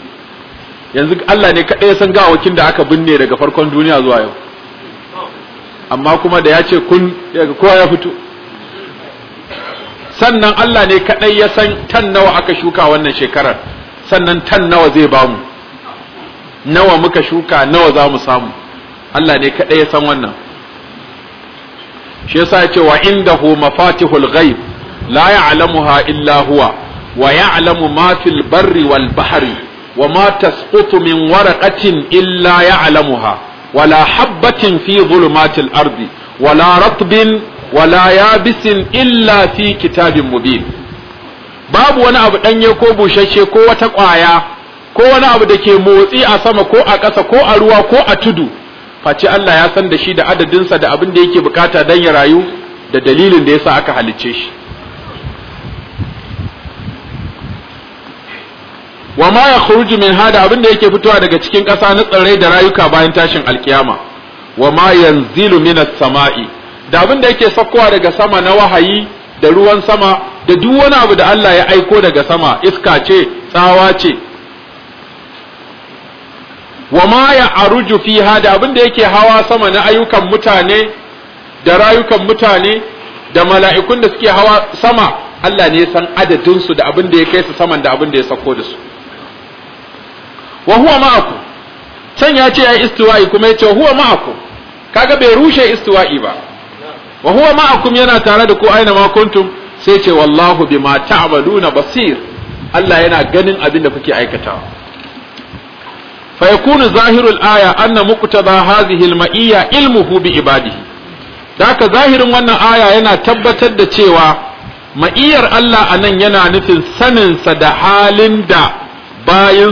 yanzu Allah ne kaɗai san gawawakin da aka binne daga farkon duniya zuwa yau amma kuma da ya ce kun kowa ya fito sannan Allah ne kaɗai ya san tan nawa aka shuka wannan shekarar sannan tan nawa zai bamu nawa muka shuka nawa za mu samu Allah ne kaɗai ya san wannan shi yasa ce wa indahu mafatihul ghaib la ya'lamuha illa huwa wa ya'lamu ma fil barri wal bahri wa ma tasqutu min waraqatin illa ya'lamuha wala habatin fi dhulumatil ardi wala ratbin wala yabisin illa fi kitabin mubin babu wani abu danye ko bushashe ko wata kwaya ko wani abu da ke motsi a sama ko a ƙasa ko a ruwa ko a tudu face Allah ya san da shi da adadinsa da abin da yake bukata don ya rayu da dalilin da ya sa aka halicce shi wa ma ya khuruju min hada abin da yake fitowa daga cikin ƙasa na tsirrai da rayuka bayan tashin alkiyama wa ma yanzilu minas sama'i da abin da yake saukowa daga sama na wahayi da ruwan sama da duk wani abu da Allah ya aiko daga sama iska ce tsawa ce wa ma ya aruju fi da abin da yake hawa sama na ayyukan mutane da rayukan mutane da mala'ikun da suke hawa sama Allah ne ya san adadin su da abin da ya kai su saman da abin da ya sako da su wa huwa ma'aku can ya ce ya istiwa'i kuma ya ce huwa ma'aku kaga bai rushe istiwa'i ba wa huwa ma'akum yana tare da ku aina ma kuntum sai ce wallahu bima ta'maluna basir Allah yana ganin abin da kuke aikatawa fa yakunu zahirul aya anna muqtada hadhihi al-ma'iyya ilmuhu bi ibadihi daka zahirin wannan aya yana tabbatar da cewa ma'iyyar Allah anan yana nufin saninsa da halin da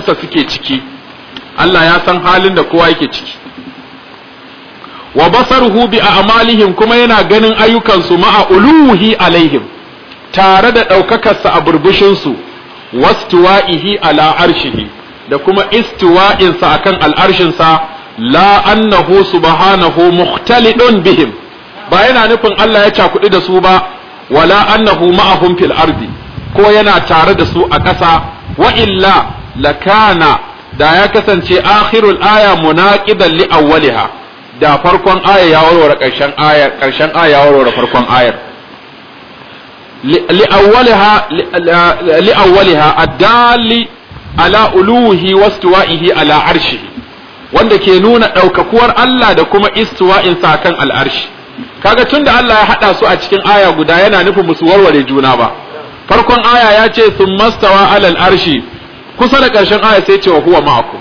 sa suke ciki Allah ya san halin da kowa yake ciki wa basaruhu bi a'malihim kuma yana ganin ayyukansu ma'a uluhi alaihim tare da ɗaukakarsa a burbushinsu wastuwa'ihi ala arshihi da kuma istiwa'insa akan al'arshinsa la annahu subhanahu mukhtalidun bihim ba yana nufin Allah ya cakuɗi da su ba wala annahu ma'ahum fil ardi ko yana tare da su a ƙasa wa illa lakana da ya kasance akhirul aya munaqidan li awwaliha da farkon aya ya warware ƙarshen aya aya ya warware farkon ayar li awwaliha li awwaliha adali ala uluhi wastuwa'ihi ala arshi wanda ke nuna ɗaukakuwar Allah da kuma istuwa'in sa kan al'arshi kaga tunda Allah ya haɗa su a cikin aya guda yana nufin musu warware juna ba farkon aya ya ce sun mastawa al'arshi kusa da ƙarshen aya sai ce wa huwa ma'akum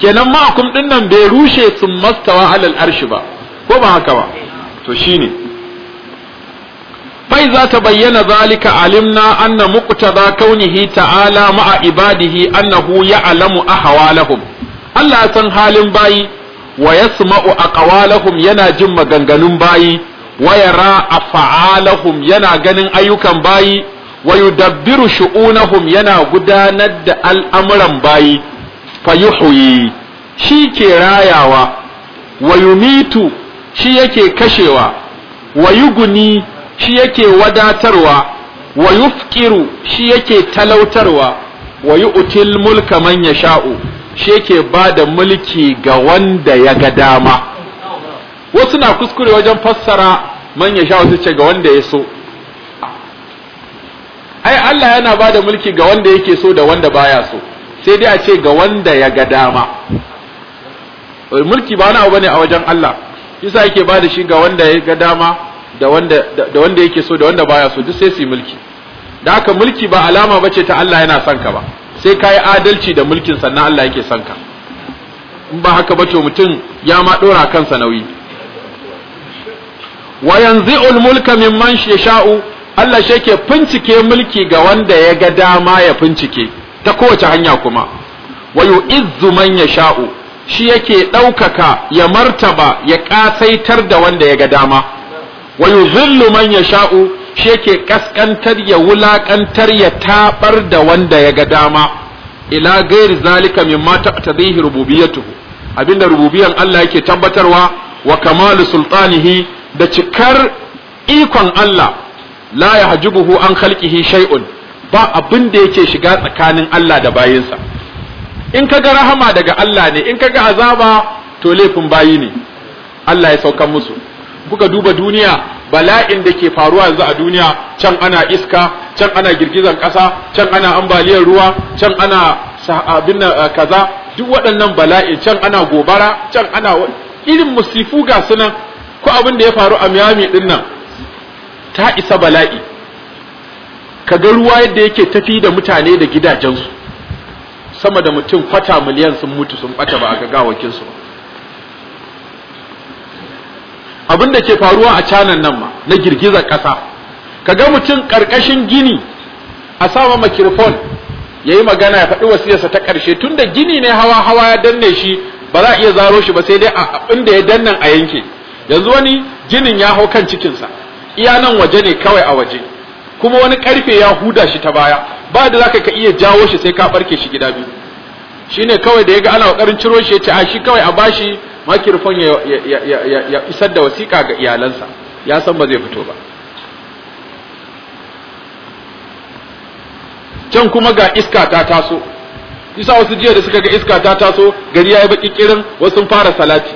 kenan ma'akum ɗinnan bai rushe sun mastawa al'arshi ba ko ba haka ba to shine fai za ta bayyana zalika alimna anna muqtada kaunihi ta'ala ma'a ibadihi annahu ya'lamu ahwalahum Allah ya san halin bayi wa yasma'u aqwalahum yana jin maganganun bayi wa yara af'alahum yana ganin ayyukan bayi wa yudabbiru shu'unahum yana gudanar da al'amuran bayi fayuhyi shi ke rayawa wa yumitu shi yake kashewa wa yuguni shi yake wadatarwa wa yufkiru shi yake talautarwa wa yu'til mulka man yasha'u shi yake bada mulki ga wanda ya ga dama wasu na kuskure wajen fassara man yasha'u su ce ga wanda ya so ai Allah yana bada mulki ga wanda yake so da wanda baya so sai dai a ce ga wanda ya ga dama mulki ba wani abu bane a wajen Allah yasa yake bada shi ga wanda ya ga dama da wanda da wanda yake so da wanda baya so duk sai su mulki da haka mulki ba alama bace ta Allah yana son ka ba sai kai adalci da mulkin sannan Allah yake son ka in ba haka bace mutum ya ma dora kansa nauyi wa yanzi'ul mulka mimman yasha'u Allah shi yake fincike mulki ga wanda ya ga dama ya fincike ta kowace hanya kuma wa yu'izzu man yasha'u shi yake ɗaukaka ya martaba ya ƙasaitar da wanda ya ga dama wa yuzillu man yasha'u shi yake kaskantar ya wulakantar ya tabar da wanda ya ga dama ila gairi zalika mimma ta'tadhihi rububiyyatuhu abinda rububiyan Allah yake tabbatarwa wa kamalu sultanihi da cikar ikon Allah la yahjubuhu an khalqihi shay'un ba abinda yake shiga tsakanin Allah da bayinsa in ka ga rahama daga Allah ne in ka ga azaba to laifin bayi ne Allah ya saukan musu kuka duba duniya bala'in da ke faruwa yanzu a duniya can ana iska can ana girgizan kasa can ana ambaliyar ruwa can ana abin eh, kaza duk waɗannan bala'i can ana gobara can ana irin musifu ga sunan ko abin da ya faru a Miami din nan ta isa bala'i kaga ruwa yadda yake tafi da mutane da gidajensu sama da mutum kwata miliyan sun mutu sun bata ba a ga gawakin su ba abin da ke faruwa a canan nan ma na girgizar ƙasa ka ga mutum ƙarƙashin gini a sama makirfon ya yi magana ya faɗi wasiyarsa ta ƙarshe tun da gini ne hawa hawa ya danne shi ba za a iya zaro shi ba sai dai a da ya dannan a yanke yanzu wani ginin ya hau kan cikinsa iya nan waje ne kawai a waje kuma wani ƙarfe ya huda shi ta baya ba da za ka iya jawo shi sai ka ɓarke shi gida biyu Shi ne kawai da ya ga ana ƙoƙarin ciro shi ya ce a shi kawai a bashi makirfon ya, ya isar da wasiƙa ga iyalansa ya san ba zai fito ba can kuma ga iska ta taso isa wasu jiya da suka ga iska ta taso gari ya yi baki kirin wasu fara salati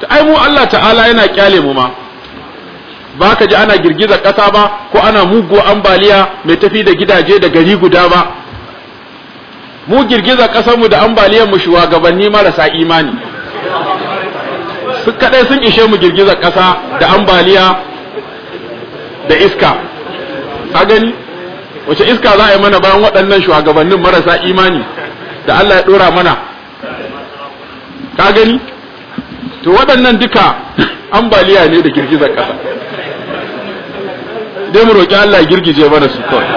ta ai mu Allah ta'ala yana kyale mu ma ba ka ji ana girgiza ƙasa ba ko ana muguwa ambaliya mai tafi da gidaje da gari guda ba mu girgiza mu da ambaliyar mu shugabanni marasa imani su kadai sun ishe mu girgiza ƙasa da ambaliya da iska ka gani wace iska za a yi mana bayan waɗannan shugabannin marasa imani da Allah ya ɗora mana ka gani to waɗannan duka ambaliya ne da girgizar ƙasa dai mu roƙi Allah girgije mana su kawai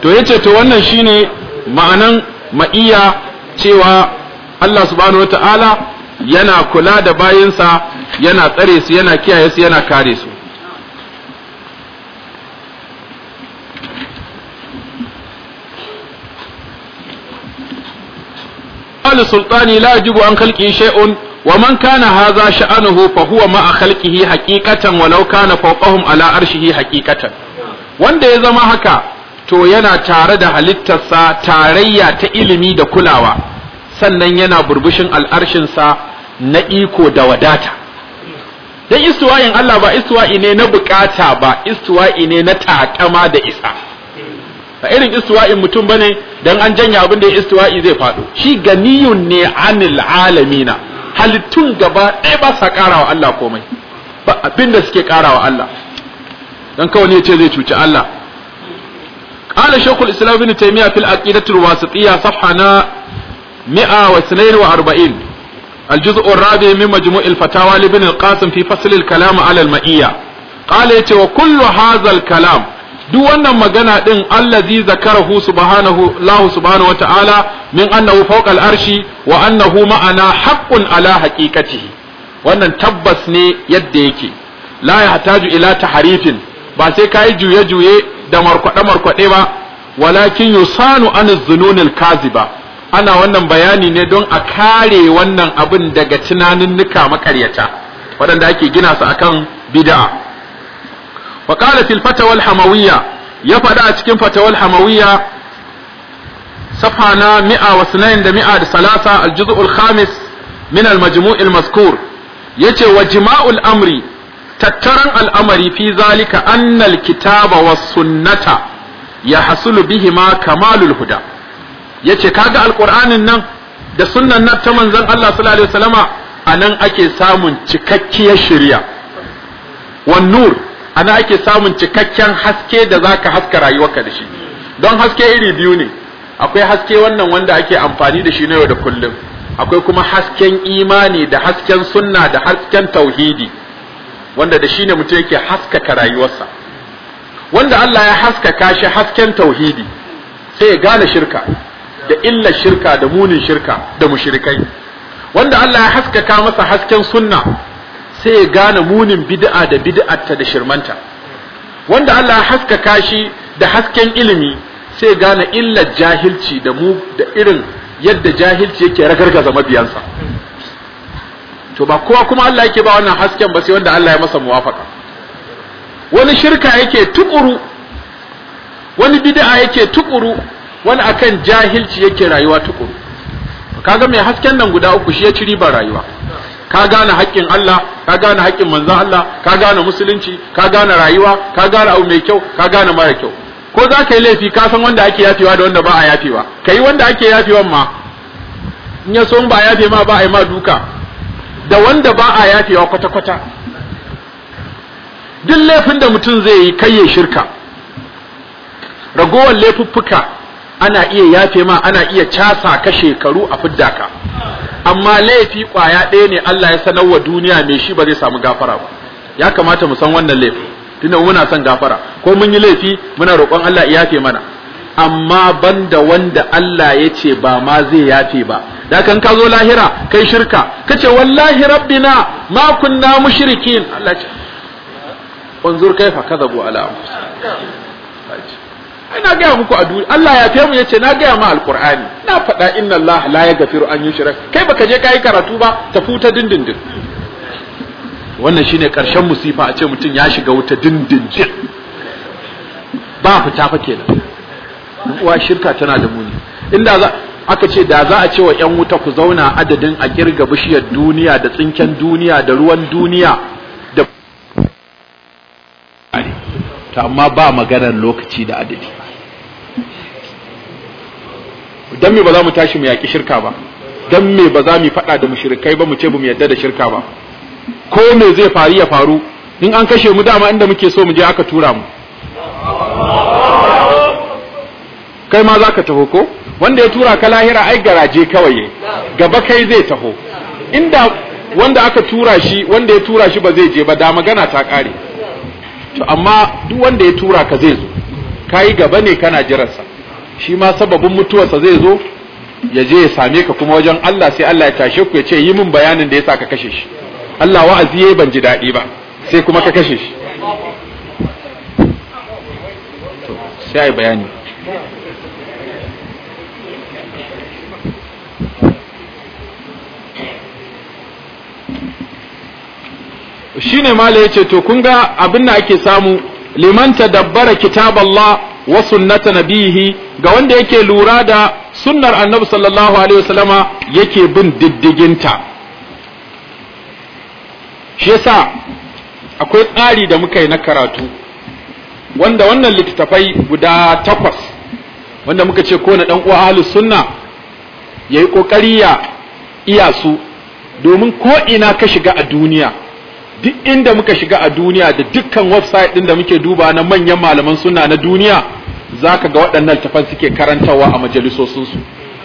to yace to wannan shine ma'anan ma iya cewa Allah subhanahu wa ta’ala yana kula da bayansa yana tsare su yana kiyaye su yana kare su. al sultani la'ajibu an kalki shai'un. wa man kana haza sha'anuhu fa huwa ma a kalkihi hakikatan walau kana fawqahum ala arshihi hakikatan. Wanda ya zama haka to yana tare da halittarsa tarayya ta ilimi da kulawa sannan yana burbushin al'arshinsa na iko da wadata dan istuwa'in Allah ba istuwa'i ne na bukata ba istuwa'i ne na takama da isa ba irin istuwa'in mutum bane dan an janya abin da ya zai faɗo shi ganiyun ne anil alamina halittun gaba ɗaya ba sa ƙarawa Allah komai ba abin da suke ƙarawa Allah Don kawai ne ya ce zai cuci Allah قال شيخ الإسلام ابن تيمية في العقيدة الواسطية صفحنا 142 الجزء الرابع من مجموع الفتاوى لابن القاسم في فصل الكلام على المئية قال يتي وكل هذا الكلام duk wannan magana din allazi zakarahu subhanahu Allah subhanahu wata'ala min annahu fawqa al-arshi wa annahu ma'ana haqqun ala haqiqatihi wannan tabbas ne yadda yake la yahtaju ila taharifin ba sai kai juye juye da markwaɗe-markwaɗe ba walakin yusanu an zununil ba ana wannan bayani ne don a kare wannan abin daga tunaninnika makaryata waɗanda ake gina su akan bid'a wa qala fil fatawa hamawiyya ya faɗa a cikin fatawal hamawiyya صفحة da mi'a da salasa مئة ثلاثة min الخامس من maskur yace wa jima'ul amri tattaran al'amari fi zalika annal kitaba was sunnata ya hasulu bihima kamalul huda yace kaga alqur'anin nan da sunnan na ta manzon Allah sallallahu alaihi wasallama anan ake samun cikakkiyar shari'a wan nur ana ake samun cikakken haske da zaka haska rayuwarka da shi don haske iri biyu ne akwai haske wannan wanda ake amfani da shi na yau da kullum akwai kuma hasken imani da hasken sunna da hasken tauhidi wanda da shine mutum yake haskaka rayuwarsa wanda Allah ya haskaka shi hasken tauhidi sai ya gane shirka da illa shirka da munin shirka da mushrikai wanda Allah ya haskaka masa hasken sunna sai ya gane munin bid'a da bid'atta da shirmanta wanda Allah ya haskaka shi da hasken ilimi sai ya gane illar jahilci da mu da irin yadda jahilci yake ragargaza mabiyansa to ba kowa kuma Allah yake ba wannan hasken ba sai wanda Allah ya masa muwafaka wani shirka yake tukuru wani bid'a yake tukuru wani akan jahilci yake rayuwa tukuru kaga mai hasken nan guda uku shi ya ci ba rayuwa ka gane haƙƙin Allah ka gane haƙƙin manzo Allah ka gane musulunci ka gane rayuwa ka gane abu mai kyau ka gane mara kyau ko za ka yi laifi ka san wanda ake yafewa da wanda ba a yafewa ka yi wanda ake yafewan ma in ya so ba a yafe ma ba a yi ma duka da wanda ba a yafewa kwata-kwata duk laifin da mutum zai yi kayye shirka ragowar laifuffuka ana iya yafe ma ana iya casa ka shekaru a fidda ka amma laifi kwaya ɗaya ne Allah ya sanar wa duniya mai shi ba zai samu gafara ba ya kamata mu san wannan laifi tunda muna son gafara ko mun yi laifi muna roƙon Allah ya yafe mana amma banda wanda Allah ya ce ba ma zai yafe ba da kan ka zo lahira kai shirka kace wallahi rabbina ma kunna mushrikin Allah ce unzur kaifa kadabu ala anfusihim ina gaya muku a duniya Allah ya fiye mu yace na gaya ma alqur'ani na faɗa inna Allah la yaghfiru an yushraka kai baka je kai karatu ba ta futa dindindin wannan shine karshen musifa a ce mutum ya shiga wuta dindindin ba fita fa kenan uwa shirka tana da muni inda za aka ce da za a ce wa ‘yan wuta ku zauna adadin a kirga bishiyar duniya da tsinken duniya da ruwan duniya da ta amma ba maganar lokaci da adadi don me ba za mu tashi mu yaƙi shirka ba don me ba za mu faɗa da mushrikai ba mu ce ba mu yadda da shirka ba ko me zai faru ya faru in an kashe mu dama inda muke so mu je aka tura mu kai ma za ka taho ko wanda ya tura ka lahira ai garaje kawai gaba kai zai taho inda wanda aka tura shi wanda ya tura shi ba zai je ba da magana ta kare to amma duk wanda ya tura ka zai zo kai gaba ne kana jiransa shi ma sababin mutuwarsa zai zo ya je ya same ka kuma wajen Allah sai Allah ya tashe ku ya ce yi min bayanin da yasa ka kashe shi Allah wa'azi yayi ban ji daɗi ba sai kuma ka kashe shi sai ai bayani ne mala ce to kun ga abin da ake samu liman kitab Allah wa sunnata nabihi ga wanda yake lura da sunnar annabi sallallahu alaihi wasallama yake bin diddiginta shi yasa akwai tsari da muka yi na karatu wanda wannan littattafai guda takwas wanda muka ce ko na dan uwa ahli sunna yayi kokari ya iya su domin ko ina ka shiga a duniya duk inda muka shiga a duniya da dukkan website din da muke duba na manyan malaman sunna na duniya zaka ga waɗannan tafan suke karantawa a majalisosinsu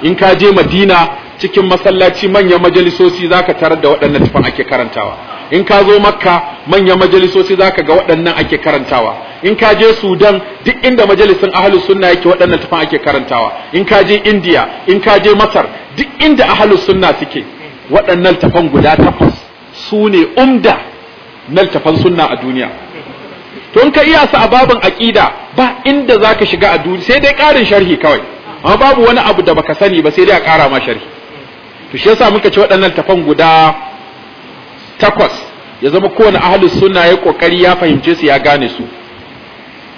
in ka je madina cikin masallaci manyan majalisosi zaka tarar da waɗannan tafan ake karantawa in ka zo makka manyan majalisosi zaka ga waɗannan ake karantawa in ka je sudan duk inda majalisin ahlus sunna yake waɗannan tafan ake karantawa in ka je india in ka je masar duk inda ahlus sunna suke waɗannan tafan guda takwas su ne umda na littafan sunna a duniya to in ka iya sa a babin aqida ba inda zaka shiga a duniya sai dai karin sharhi kawai amma babu wani abu da baka sani ba sai dai a kara ma sharhi to shi yasa muka ce waɗannan tafan guda takwas ya zama kowane ahli sunna ya kokari ya fahimce su ya gane su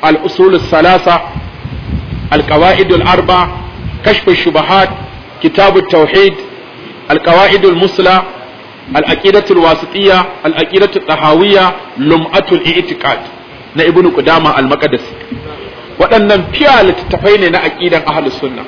al usul salasa al qawaid al arba kashf al shubahat kitab al tauhid al qawaid al musla al-aqidatul wasitiyya al tahawiyya lum'atul i'tiqad na ibnu qudama al-maqdisi waɗannan fiya littattafai ne na aqidan ahlus sunna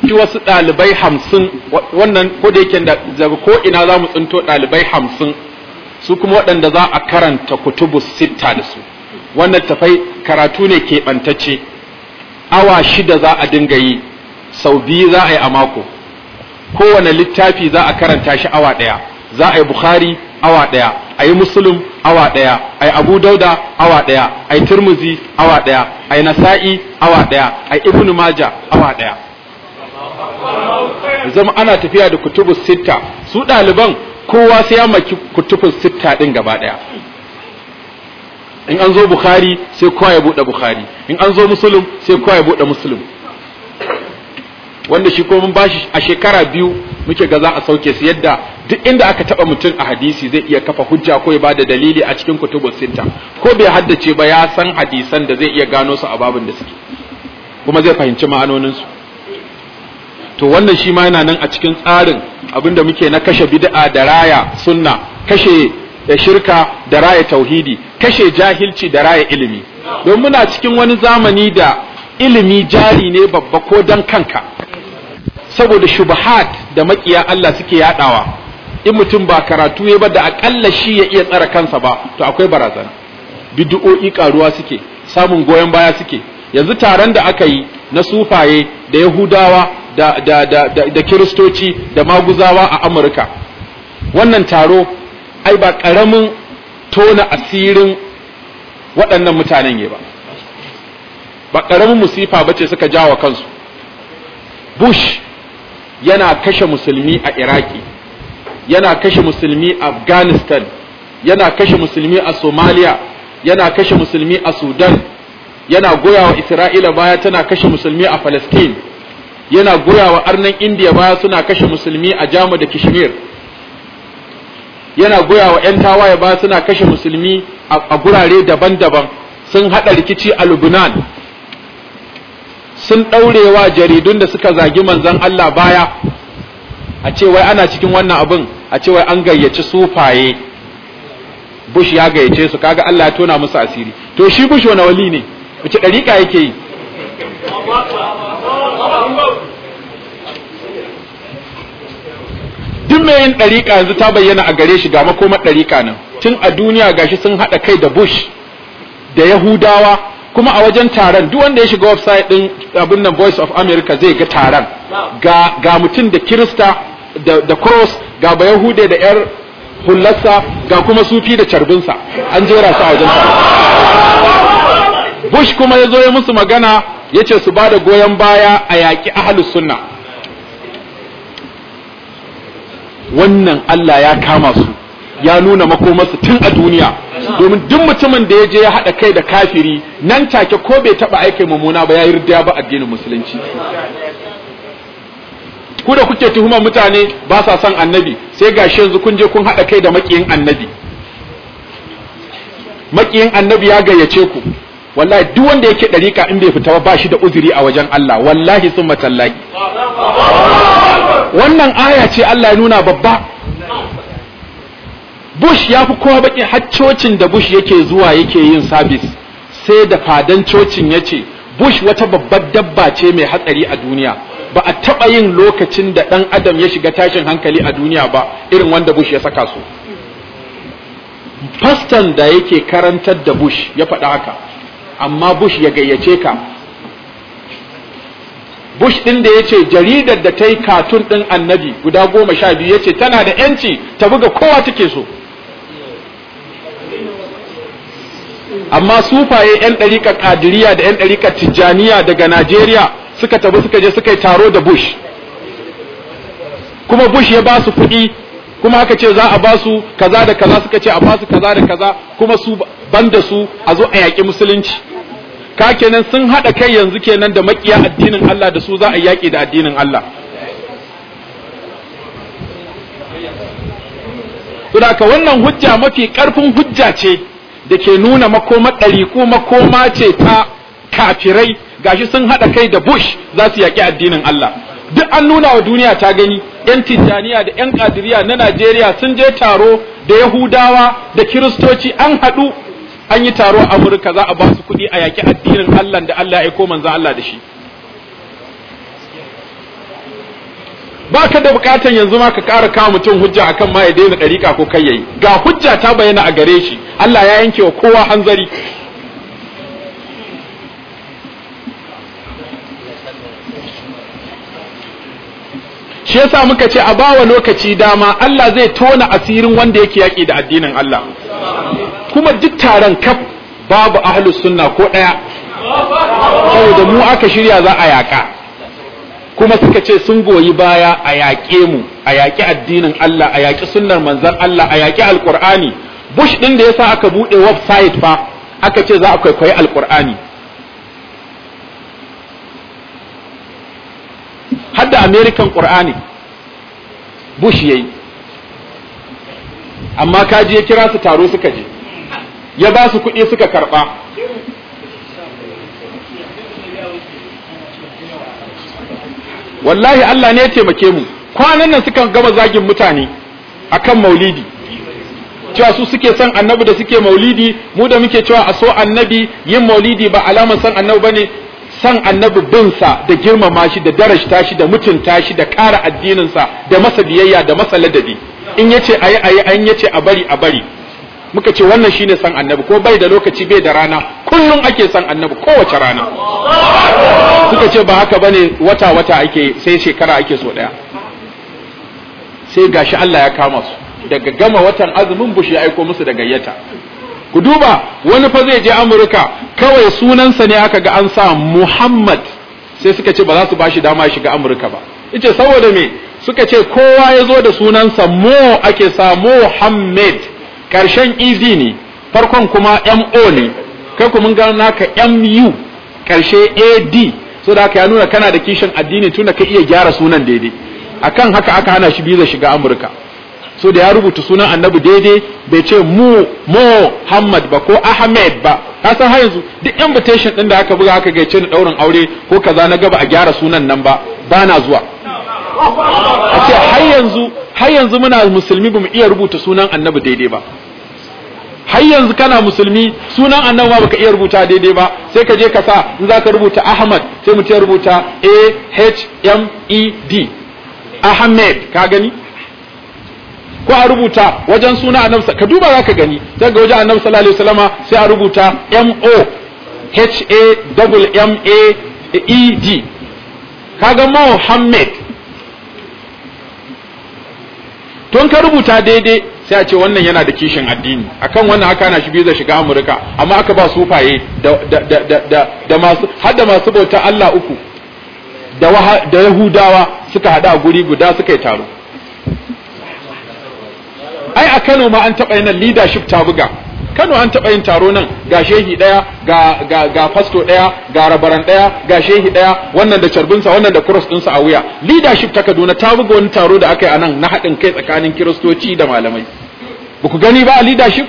ki wasu ɗalibai hamsin wannan ko da yake daga ko ina za mu tsinto ɗalibai hamsin su kuma waɗanda za a karanta kutubu sita da su wannan tafai karatu ne keɓantacce awa shida za a dinga yi sau biyu za a yi a mako kowane littafi za a karanta shi awa ɗaya za a yi bukhari awa ɗaya a yi musulun awa ɗaya a yi abu dauda awa ɗaya a yi turmuzi awa ɗaya a yi nasa'i awa ɗaya a yi ibn maja awa ɗaya zama ana tafiya da kutubus sitta su ɗaliban kowa sai ya maki kutubus sitta ɗin gaba ɗaya in an zo bukhari sai kowa ya bude bukhari in an zo muslim sai kowa ya bude muslim wanda shi ko mun bashi a shekara biyu muke ga za a sauke su yadda duk inda aka taba mutum a hadisi zai iya kafa hujja ko ya bada dalili a cikin kutubus sinta ko bai haddace ba ya san hadisan da zai iya gano su a babin da suke kuma zai fahimci ma'anonin su to wannan shi ma yana nan a cikin tsarin abinda muke na kashe bid'a da raya sunna kashe da shirka da raya tauhidi kashe jahilci da raya ilimi don muna cikin wani zamani da ilimi jari ne babba ko dan kanka saboda shubahat da makiya Allah suke yadawa in mutum ba karatu ya ba da akalla shi ya iya tsara kansa ba to akwai barazana bid'o'i karuwa suke samun goyon baya suke yanzu taron da aka yi na sufaye da yahudawa da da da da, da kiristoci da maguzawa a Amurka wannan taro ai ba ƙaramin tona asirin waɗannan mutanen ne ba ba ƙaramin musifa ba ce suka jawa kansu bush yana kashe musulmi a iraki yana kashe musulmi a afghanistan yana kashe musulmi a somalia yana kashe musulmi a sudan yana goya wa isra'ila baya tana kashe musulmi a palestine yana goya wa arnan indiya baya suna kashe musulmi a jamu da kishmir yana goya wa 'yan tawaye ba suna kashe musulmi a gurare daban-daban sun haɗa rikici a Lubnan sun ɗaurewa jaridun da suka zagi manzan Allah baya a ce wai ana cikin wannan abin a ce wai an gayyaci sufaye Bush ya gayyace su kaga Allah ya tona musu asiri to shi Bush wani wali ne wace ɗariƙa yake yi duk mai yin ɗariƙa yanzu ta bayyana a gare shi ga makomar ɗariƙa nan tun a duniya gashi sun haɗa kai da bush da yahudawa kuma a wajen taron duk wanda ya shiga website ɗin abin nan voice of america zai ga taron ga, ga mutum da kirista da, da cross ga ba yahude da yar hullarsa ga kuma sufi da carbinsa an jera su a wajen taron bush kuma ya zo ya musu magana ya ce su ba da goyon baya a yaƙi ahalus sunna wannan Allah ya kama su ya nuna makomarsu tun a duniya domin duk mutumin da ya je ya haɗa kai da kafiri nan take ko bai taɓa aikai mummuna ba ya yi ba addinin musulunci ku da kuke tuhuma mutane ba sa son annabi sai gashi yanzu kun je kun haɗa kai da makiyin annabi makiyin annabi ya gayyace ku wallahi duk wanda yake ɗariƙa in bai fita ba shi da uzuri a wajen Allah wallahi sun matallaki. wannan aya ce Allah ya nuna babba bush ya fi kowa har haccocin da bush yake zuwa yake yin sabis sai da fadan cocin ya ce bush wata babbar dabba ce mai hatsari a duniya ba a taɓa yin lokacin da ɗan adam ya shiga tashin hankali a duniya ba irin wanda bush ya saka su Faston da yake karantar da bush ya faɗa haka amma bush ya gayyace ka bush din da yace jaridar da ta yi katun din annabi guda goma sha biyu yace tana da yanci ta buga kowa take so amma sufaye yan ɗarika kadiriya da yan ɗarika tijjaniya daga najeriya suka tabi suka je suka yi taro da bush kuma bush ya ba su kuɗi kuma aka ce za a ba su kaza da kaza suka ce a ba su kaza da kaza kuma su ban da su a zo a yaƙi musulunci ka kenan sun haɗa kai yanzu kenan da makiya addinin Allah da su za a yaƙi da addinin Allah Saboda wannan hujja mafi ƙarfin hujja ce da ke nuna makoma ko makoma ce ta kafirai gashi sun haɗa kai da Bush za su yaƙi addinin Allah. Duk an nuna wa duniya ta gani, ‘yan Tijjaniya da ‘yan Ƙadiriya na Najeriya sun je taro da Yahudawa da Kiristoci an haɗu an yi taro a Amurka za a ba su kuɗi a yaƙi addinin Allah da Allah ya aiko manzo Allah da shi ba ka da bukatan yanzu ma ka ƙara kawo mutum hujja akan ma ya daina ɗariƙa ko kai yayi ga hujja ta bayyana a gare shi Allah ya yanke wa kowa hanzari shi yasa muka ce a bawa lokaci dama Allah zai tona asirin wanda yake yaƙi da addinin Allah kuma duk taron kaf babu ahlus sunna ko ɗaya saboda mu aka shirya za a yaka kuma suka ce sun goyi baya a yaƙe mu a yaƙi addinin Allah a yaƙi sunnar manzon Allah a yaƙi alƙur'ani bush ɗin da yasa aka bude website fa aka ce za a kwaikwayi alƙur'ani hadda american ƙur'ani bush yayi amma kaji ya kira su taro suka je ya ba su kuɗi suka karɓa wallahi Allah ne ya taimake mu kwanan nan suka gama zagin mutane akan maulidi cewa su suke son annabi da suke maulidi mu da muke cewa a so annabi yin maulidi ba alamar son annabi ba ne. son annabi binsa da girmama shi da darashta shi da mutunta shi da kara addininsa, da masa biyayya da masa ladabi in yace a yi, an yace a bari a bari muka ce wannan shine san annabi ko bai da lokaci bai da rana kullum ake san annabi kowace rana suka ce ba haka bane wata wata ake sai shekara ake so daya sai gashi Allah ya kama su daga gama watan azumin bushi aiko musu da gayyata ku duba wani fa zai je Amurka kawai sunansa ne aka ga an sa Muhammad sai suka ce ba za su bashi dama shiga Amurka ba yace saboda me suka ce kowa ya zo da sunansa mo ake sa Muhammad karshen izi e ne farkon kuma mo ne kai kuma mun ga naka mu karshe ad so da ya nuna kana da kishin addini tunda ka iya gyara sunan daidai akan haka aka hana shi biza shiga amurka so da ya rubuta sunan annabi daidai bai ce mu muhammad ba ko ahmed ba ka san har yanzu duk invitation din da aka buga aka gaice ni daurin aure ko kaza na gaba a gyara sunan nan ba ba na zuwa a ce har yanzu har yanzu muna musulmi bamu iya rubuta sunan annabi daidai ba har yanzu kana musulmi sunan annabi ba baka iya rubuta daidai ba sai ka je ka sa in zaka rubuta Ahmad sai mutum ya rubuta A H M E D Ahmed ka gani ko a rubuta wajen suna annabi ka duba zaka gani daga wajen annabi sallallahu alaihi wasallama sai a rubuta M O H A w M A E D kaga Muhammad to ka rubuta daidai sai a ce wannan yana da kishin addini akan wannan aka na shi biza shiga Amurka amma aka ba sufaye da da masu har da masu bauta Allah uku da da Yahudawa suka hada guri guda suka yi taro ai a Kano ma an taɓa yana leadership ta buga Kano an taɓa yin taro nan ga shehi ɗaya ga ga ga fasto ɗaya ga rabaran ɗaya ga shehi ɗaya wannan da carbinsa wannan da cross ɗinsa a wuya leadership ta Kaduna ta buga wani taro da aka yi a nan na haɗin kai tsakanin kiristoci da malamai ba ku gani ba a leadership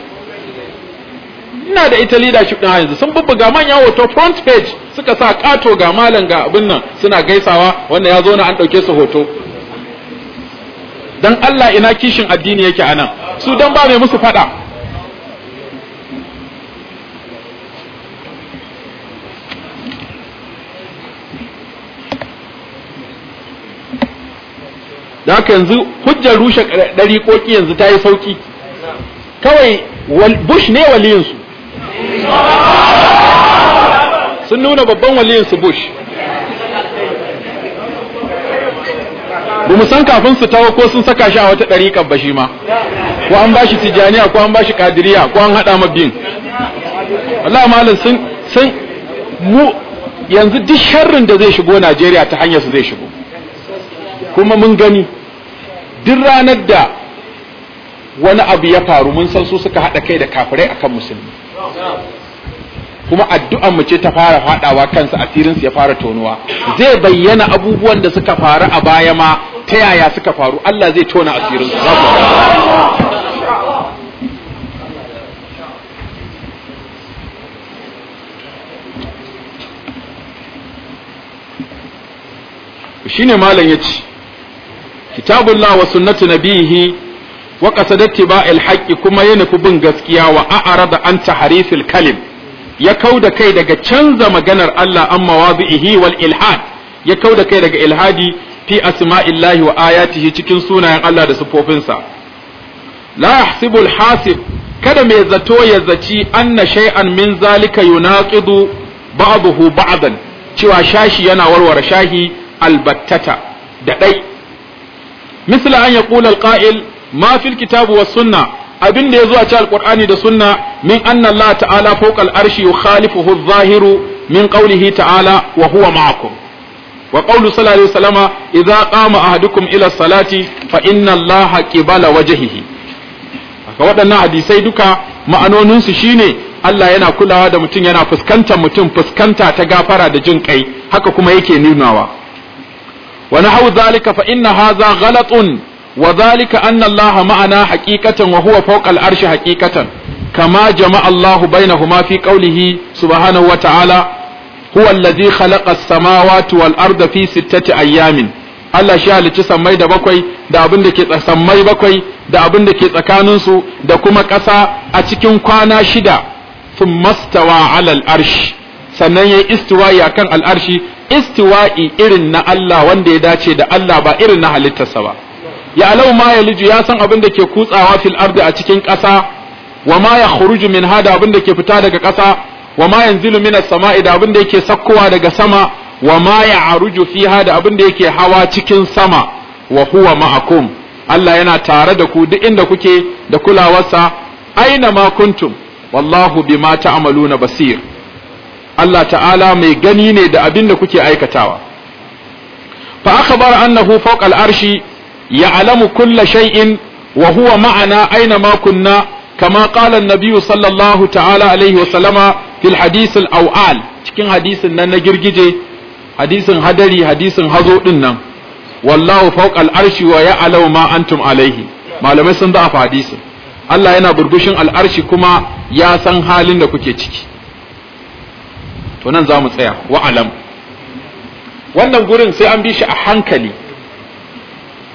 ina da ita leadership ɗin yanzu sun bubbuga manyan hoto front page suka sa kato ga malam ga abin nan suna gaisawa wanda ya zo na an ɗauke su hoto dan Allah ina kishin addini yake anan su dan ba mai musu faɗa da haka yanzu hujjar rushe koki yanzu ta yi sauki kawai bush ne waliyinsu sun nuna babban waliyinsu bush bamu san kafin su tawo ko sun saka shi a wata ɗari ba shi ma ko an bashi tijaniya ko an bashi kadiriya ko an haɗa mabin Allah malam sun sun mu yanzu duk sharrin da zai shigo Najeriya ta hanyar su zai shigo kuma mun gani duk ranar da wani abu ya faru mun san su suka haɗa kai da kafirai akan musulmi kuma addu'an mu ce ta fara faɗawa kansa asirin su ya fara tonuwa zai bayyana abubuwan da suka faru a baya ma ta yaya suka faru Allah zai tona asirin su shine malam ya ce kitabullah wa sunnatu nabihi wa qasada tiba'il haqqi kuma ya nufi bin gaskiya wa a'rada an taharifil kalim ya kauda kai daga canza maganar Allah an mawadihi wal ilhad ya kauda kai daga ilhadi fi asma'illahi wa ayatihi cikin sunayen Allah da sifofinsa la yahsibu al hasib kada mai zato ya zaci anna shay'an min zalika yunaqidu ba'dahu ba'dan cewa shashi yana warware shahi albartata da ɗai. misla an yaqula alqa'il ma fil kitabi sunna abinda ya yazo a cikin alqur'ani da sunna min anna allah ta'ala fawqa al-arshi yukhalifuhu adh-dhahiru min qawlihi ta'ala wa huwa ma'akum wa qawlu sallallahu alaihi wasallama idza qama ahadukum ila salati fa inna allaha qibala wajhihi ka waɗannan hadisai duka ma'anoninsu shine Allah yana kulawa da mutum yana fuskantar mutum fuskanta ta gafara da jin kai haka kuma yake nunawa ونحو ذلك فإن هذا غلط وذلك أن الله معنا حقيقة وهو فوق العرش حقيقة كما جمع الله بينهما في قوله سبحانه وتعالى هو الذي خلق السماوات والأرض في ستة أيام Allah shi halicci sammai da bakwai da abin da ke sammai bakwai da abin da ke tsakaninsu da kuma ƙasa a cikin kwana shida sun mastawa alal arshi sannan yayi istiwa'i akan al'arshi istiwa'i irin na Allah wanda ya dace da Allah ba irin na halittarsa ba ya alau ma liju ya san abin da ke kutsawa fil ardi a cikin ƙasa wa ma khuruju min hada abin da ke fita daga ƙasa wa ma yanzilu as sama'i da abin da yake sakkowa daga sama wa ma aruju fiha da abin da yake hawa cikin sama wa huwa ma'akum Allah yana tare da ku duk inda kuke da kulawarsa aina ma kuntum wallahu bima ta'maluna basir Allah ta'ala mai gani ne da abin da kuke aikatawa fa akhbara annahu fawqa arshi ya'lamu kulla shay'in wa huwa ma'ana aina makunna kama qala na biyu sallallahu ta'ala alaihi wa salama fil al-aw'al cikin hadisin nan na girgije hadisin hadari hadisin hazo ɗinnan. nan wallahu fawqa arshi wa ya'lamu ma antum alaihi malamai sun da hadisin Allah yana burbushin al'arshi kuma ya san halin da kuke ciki to nan za mu tsaya wa'alam. wannan gurin sai an bi shi a hankali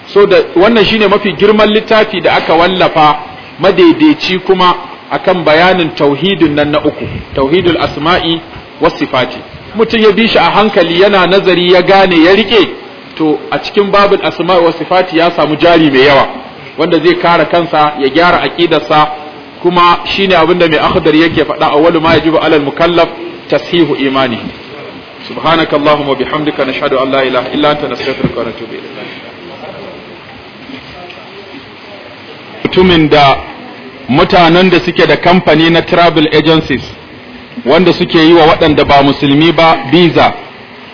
so da wannan shine mafi girman littafi da aka wallafa madaidaici kuma akan bayanin tauhidin nan na uku tauhidul asma'i was sifati mutum ya bi shi a hankali yana nazari ya gane ya rike to a cikin babul asma'i was sifati ya samu jari mai yawa wanda zai kare kansa ya gyara aqidarsa kuma shine abinda mai akhdar yake faɗa awwalu ma yajibu alal mukallaf tasihu imani subhanaka allahumma bihamdika nashhadu an la ilaha illa anta nastaghfiruka wa natubu mutumin da mutanen da suke da kamfani na travel agencies wanda suke yi wa waɗanda ba musulmi ba visa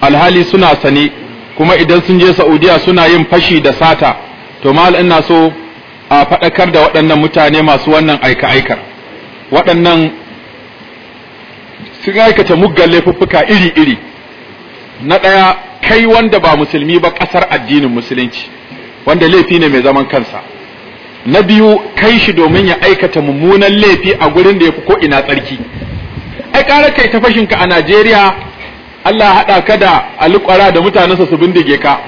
alhali suna sane kuma idan sun je saudiya suna yin fashi da sata to mal ina so a faɗakar da waɗannan mutane masu wannan aika-aikar waɗannan sun aikata muggan laifuffuka iri-iri na ɗaya kai wanda ba musulmi ba ƙasar addinin musulunci wanda laifi ne mai zaman kansa na biyu kai shi domin ya aikata mummunan laifi a gurin da ya fi ko ina tsarki ai ƙara kai ta fashinka a najeriya allah haɗa ka da alƙwara da mutanensa su bindige ka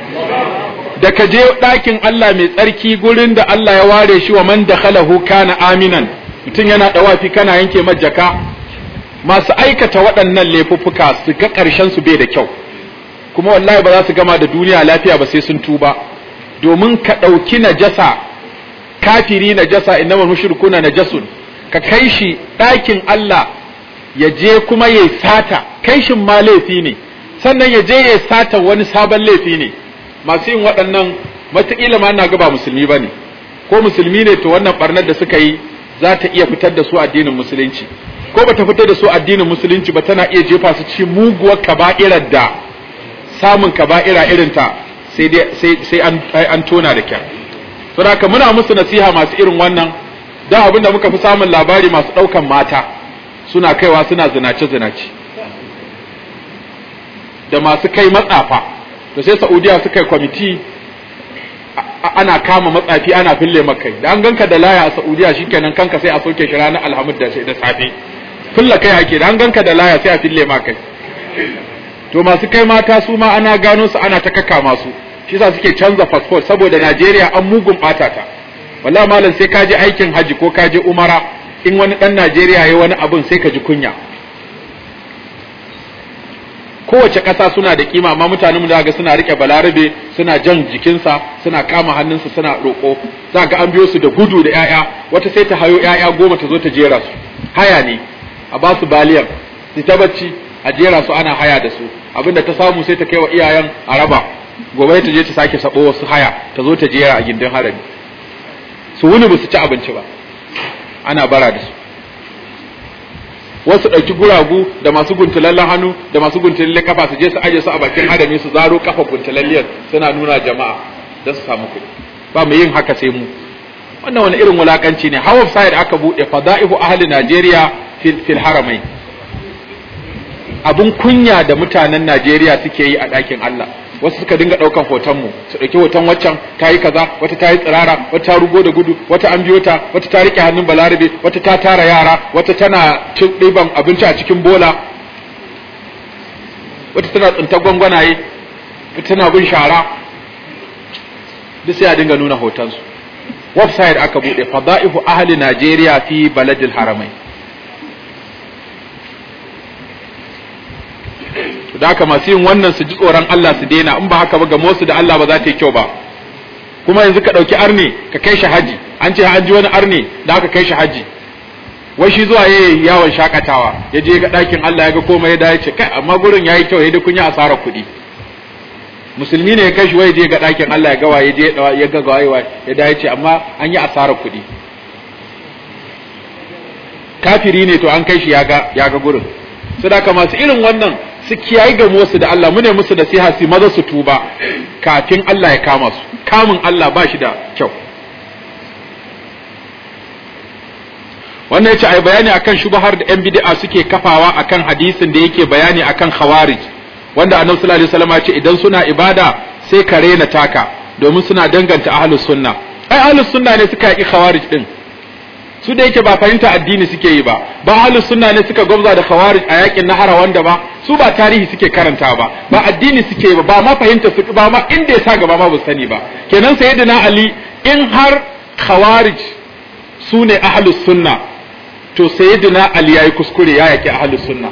da ka je ɗakin allah mai tsarki gurin da allah ya ware shi wa man da kana aminan mutum yana ɗawafi kana yanke majaka masu aikata waɗannan laifuffuka su ga ƙarshen su bai da kyau kuma wallahi ba za su gama da duniya lafiya ba sai sun tuba domin ka ɗauki najasa kafiri najasa innama mushrikuna najasun ka kai shi ɗakin Allah ya je kuma ya sata kai shin ma laifi ne sannan ya je ya sata wani sabon laifi ne masu yin waɗannan matakila ma na ga ba musulmi ba ne ko musulmi ne to wannan ɓarnar da suka yi za ta iya fitar da su addinin musulunci ko bata fito da su addinin musulunci ba tana iya jefa su cikin muguwar kaba'irar da samun kaba'ira irin ta sai sai sai an tona da kyar to ka muna musu nasiha masu irin wannan da abin da muka fi samun labari masu daukan mata suna kaiwa suna zinace zinace da masu kai matsafa to sai Saudiya suka kai kwamiti ana kama matsafi ana fille makai da an ganka da laya a Saudiya shikenan kanka sai a soke shi ranar alhamdu da safe fulla kai ake an ganka da laya sai a fille ma kai to masu kai mata su ma ana gano su ana ta kaka masu shi sa suke canza passport saboda Najeriya an mugun bata ta wallahi malam sai ka je aikin haji ko kaje umara in wani dan Najeriya yayi wani abun sai ka ji kunya kowace ƙasa suna da kima amma mutanen mu da ga suna rike balarabe suna jan jikinsa suna kama hannunsa suna roƙo za ga an biyo su da gudu da 'ya'ya wata sai ta hayo 'ya'ya goma ta zo ta jera su haya ne a ba su baliyar su ta bacci a jera su ana haya da su abinda ta samu sai ta kai wa iyayen a raba gobe ta je ta sake sabo wasu haya ta zo ta jera a gindin harami su wuni ba su ci abinci ba ana bara da su wasu ɗauki guragu da masu guntulallen hannu da masu guntulallen kafa su je su aje su a bakin harami su zaro kafa guntulalliyar suna nuna jama'a don su samu kuɗi ba mu yin haka sai mu wannan wani irin wulakanci ne how da aka buɗe fada'ihu ahli Najeriya fil haramai abun kunya da mutanen Najeriya suke yi a ɗakin Allah wasu suka dinga ɗaukan hoton mu su ɗauki hoton waccan ta yi kaza wata ta yi tsirara wata ta rugo da gudu wata an biyo ta wata ta riƙe hannun balarabe wata ta tara yara wata tana ɗiban abinci a cikin bola wata tana tsinta gwangwanaye wata tana bin shara duk sai a dinga nuna hotonsu website aka buɗe fada'ihu ahli Najeriya fi baladil haramai da haka masu yin wannan su ji tsoron Allah su daina in ba haka ba ga su da Allah ba za ta yi kyau ba kuma yanzu ka ɗauki arne ka kai shi haji an ce an ji wani arne da aka kai shi haji wai shi zuwa yayi yawon shakatawa ya je ga ɗakin Allah ya ga komai ya dace kai amma gurin yayi kyau ya da kun yi asarar kuɗi musulmi ne ya kai shi wai je ga ɗakin Allah ya gawa ya je ya ga gawa ya dace amma an yi asarar kuɗi kafiri ne to an kai shi ya ga ya ga gurin sadaka masu irin wannan su kiyaye ga musu da Allah mune musu da siha su maza su tuba kafin Allah ya kama su kamun Allah ba shi da kyau wannan yace ai bayani akan shubahar da yan bid'a suke kafawa akan hadisin da yake bayani akan khawarij wanda annabi sallallahu alaihi wasallam ya ce idan suna ibada sai ka rena taka domin suna danganta ahlus sunna ai ahlus sunna ne suka yi khawarij din su da yake ba fahimta addini suke yi ba ba ahlus sunna ne suka gwamza da khawarij a yakin nahara wanda ba su ba tarihi suke karanta ba ba addini suke yi ba ba ma fahimta su ba ma inda ya sa gaba ma ba sani ba kenan sayyidina ali in har khawarij su ne ahlus sunna to sayyidina ali yayi kuskure ya yaki ahlus sunna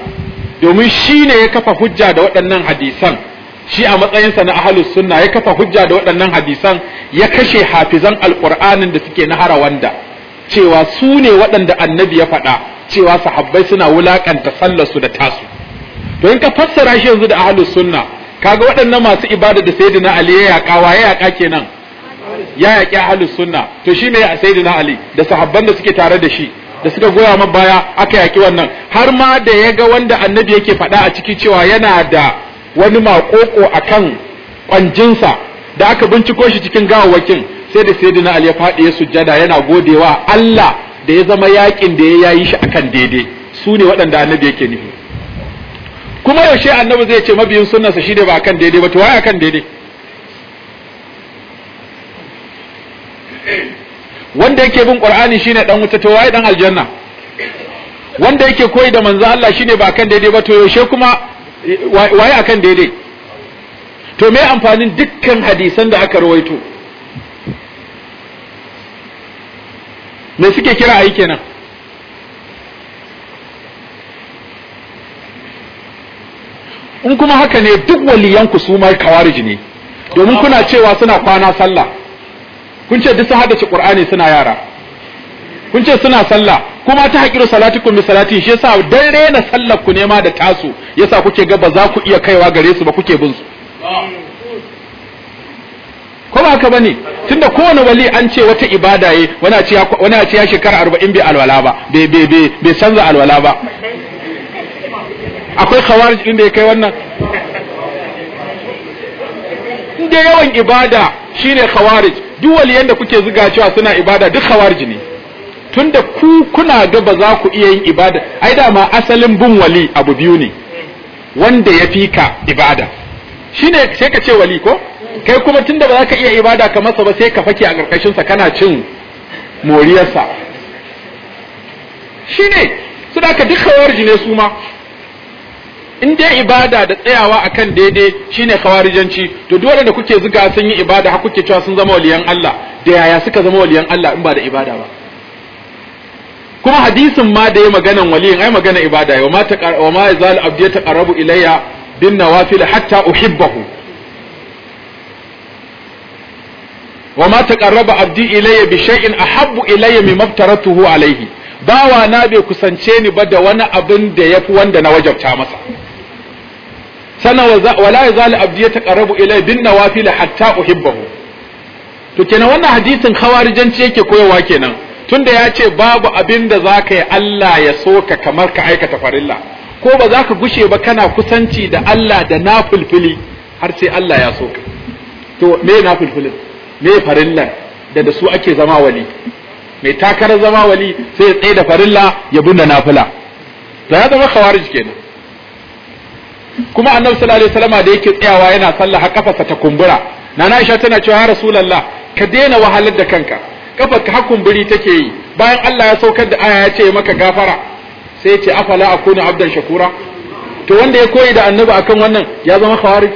domin shi ne ya kafa hujja da waɗannan hadisan shi a matsayinsa na ahlus sunna ya kafa hujja da waɗannan hadisan ya kashe hafizan alqur'anin da suke nahara wanda cewa su ne waɗanda annabi ya faɗa cewa sahabbai suna wulakanta sallarsu da tasu to in ka fassara shi yanzu da ahlus sunna kaga waɗannan masu ibada da sayyidina ali ya yaƙa wa ya yaƙa kenan ya yaƙi ahlus sunna to shi ne sayyidina ali da sahabban da suke tare da shi da suka goya ma baya aka yaƙi wannan har ma da ya ga wanda annabi yake faɗa a ciki cewa yana da wani maƙoƙo akan kwanjinsa da aka binciko shi cikin gawawwakin sai da sayyidina ali ya faɗi ya sujjada yana godewa Allah da ya zama yakin da ya yi shi akan daidai su ne waɗanda annabi yake nufi kuma yaushe annabi zai ce mabiyin sunnansa shi da ba akan daidai ba to wai akan daidai wanda yake bin qur'ani shine dan wuta to wai dan aljanna wanda yake koyi da manzo Allah shine ba akan daidai ba to yaushe kuma wai akan daidai to me amfanin dukkan hadisan da aka rawaito me suke kira ayi kenan in kuma haka ne duk waliyanku su mai kawarij ne domin kuna cewa suna kwana sallah kun ce duk sun ci qur'ani suna yara kun ce suna sallah kuma ta haƙiru salatikum bi salati shi yasa dan rena sallar ku nema da tasu yasa kuke ga ba za ku iya kaiwa gare su ba kuke bin su ko ba haka bane tunda kowane wali an ce wata ibada yi wani ce wani ce ya shekara 40 bai alwala ba bai bai bai canza alwala ba akwai khawarij din da ya kai wannan inda yawan ibada shine khawarij duk waliyan da kuke zuga cewa suna ibada duk khawarij ne tunda ku kuna ga ba za ku iya yin ibada ai ma asalin bin wali abu biyu ne wanda ya fika ibada shine sai ka ce wali ko kai kuma tun da ba za ka iya ibada ka masa ba sai ka fake a ƙarƙashinsa sa kana cin moriyarsa ne su da ka duk ne su ma in dai ibada da tsayawa a kan daidai shine kawarijanci to dole da kuke zuga sun yi ibada har kuke cewa sun zama waliyan Allah da yaya suka zama waliyan Allah in ba da ibada ba kuma hadisin ma da ya maganan waliyin ai magana ibada wa ma ta wa ma zal abdi ta qarabu ilayya bin nawafil hatta uhibbahu wa ma taqarraba abdi ilayya bi shay'in ahabbu ilayya mimma aftaratuhu alayhi bawa na bai kusance ni ba da wani abin da yafi wanda na wajabta masa sana wala yazalu abdi yataqarrabu ilayya bin nawafil hatta uhibbahu to kenan wannan hadisin khawarijanci yake koyawa kenan tunda ya ce babu abin da zaka yi Allah ya ka kamar ka aikata farilla ko ba za ka gushe ba kana kusanci da Allah da nafulfuli har sai Allah ya soka to me nafulfulin me farillan da da su ake zama wali mai takarar zama wali sai ya tsaye da farilla ya binne nafila to ya zama khawarij kenan kuma annabi sallallahu alaihi wasallam da yake tsayawa yana sallah har kafarsa ta kumbura nana Aisha tana cewa ya rasulullah ka daina wahalar da kanka kafarka har kumburi take yi bayan Allah ya saukar da aya ya ce maka gafara sai ya ce afala akuna abdan shakura to wanda ya koyi da annabi akan wannan ya zama khawarij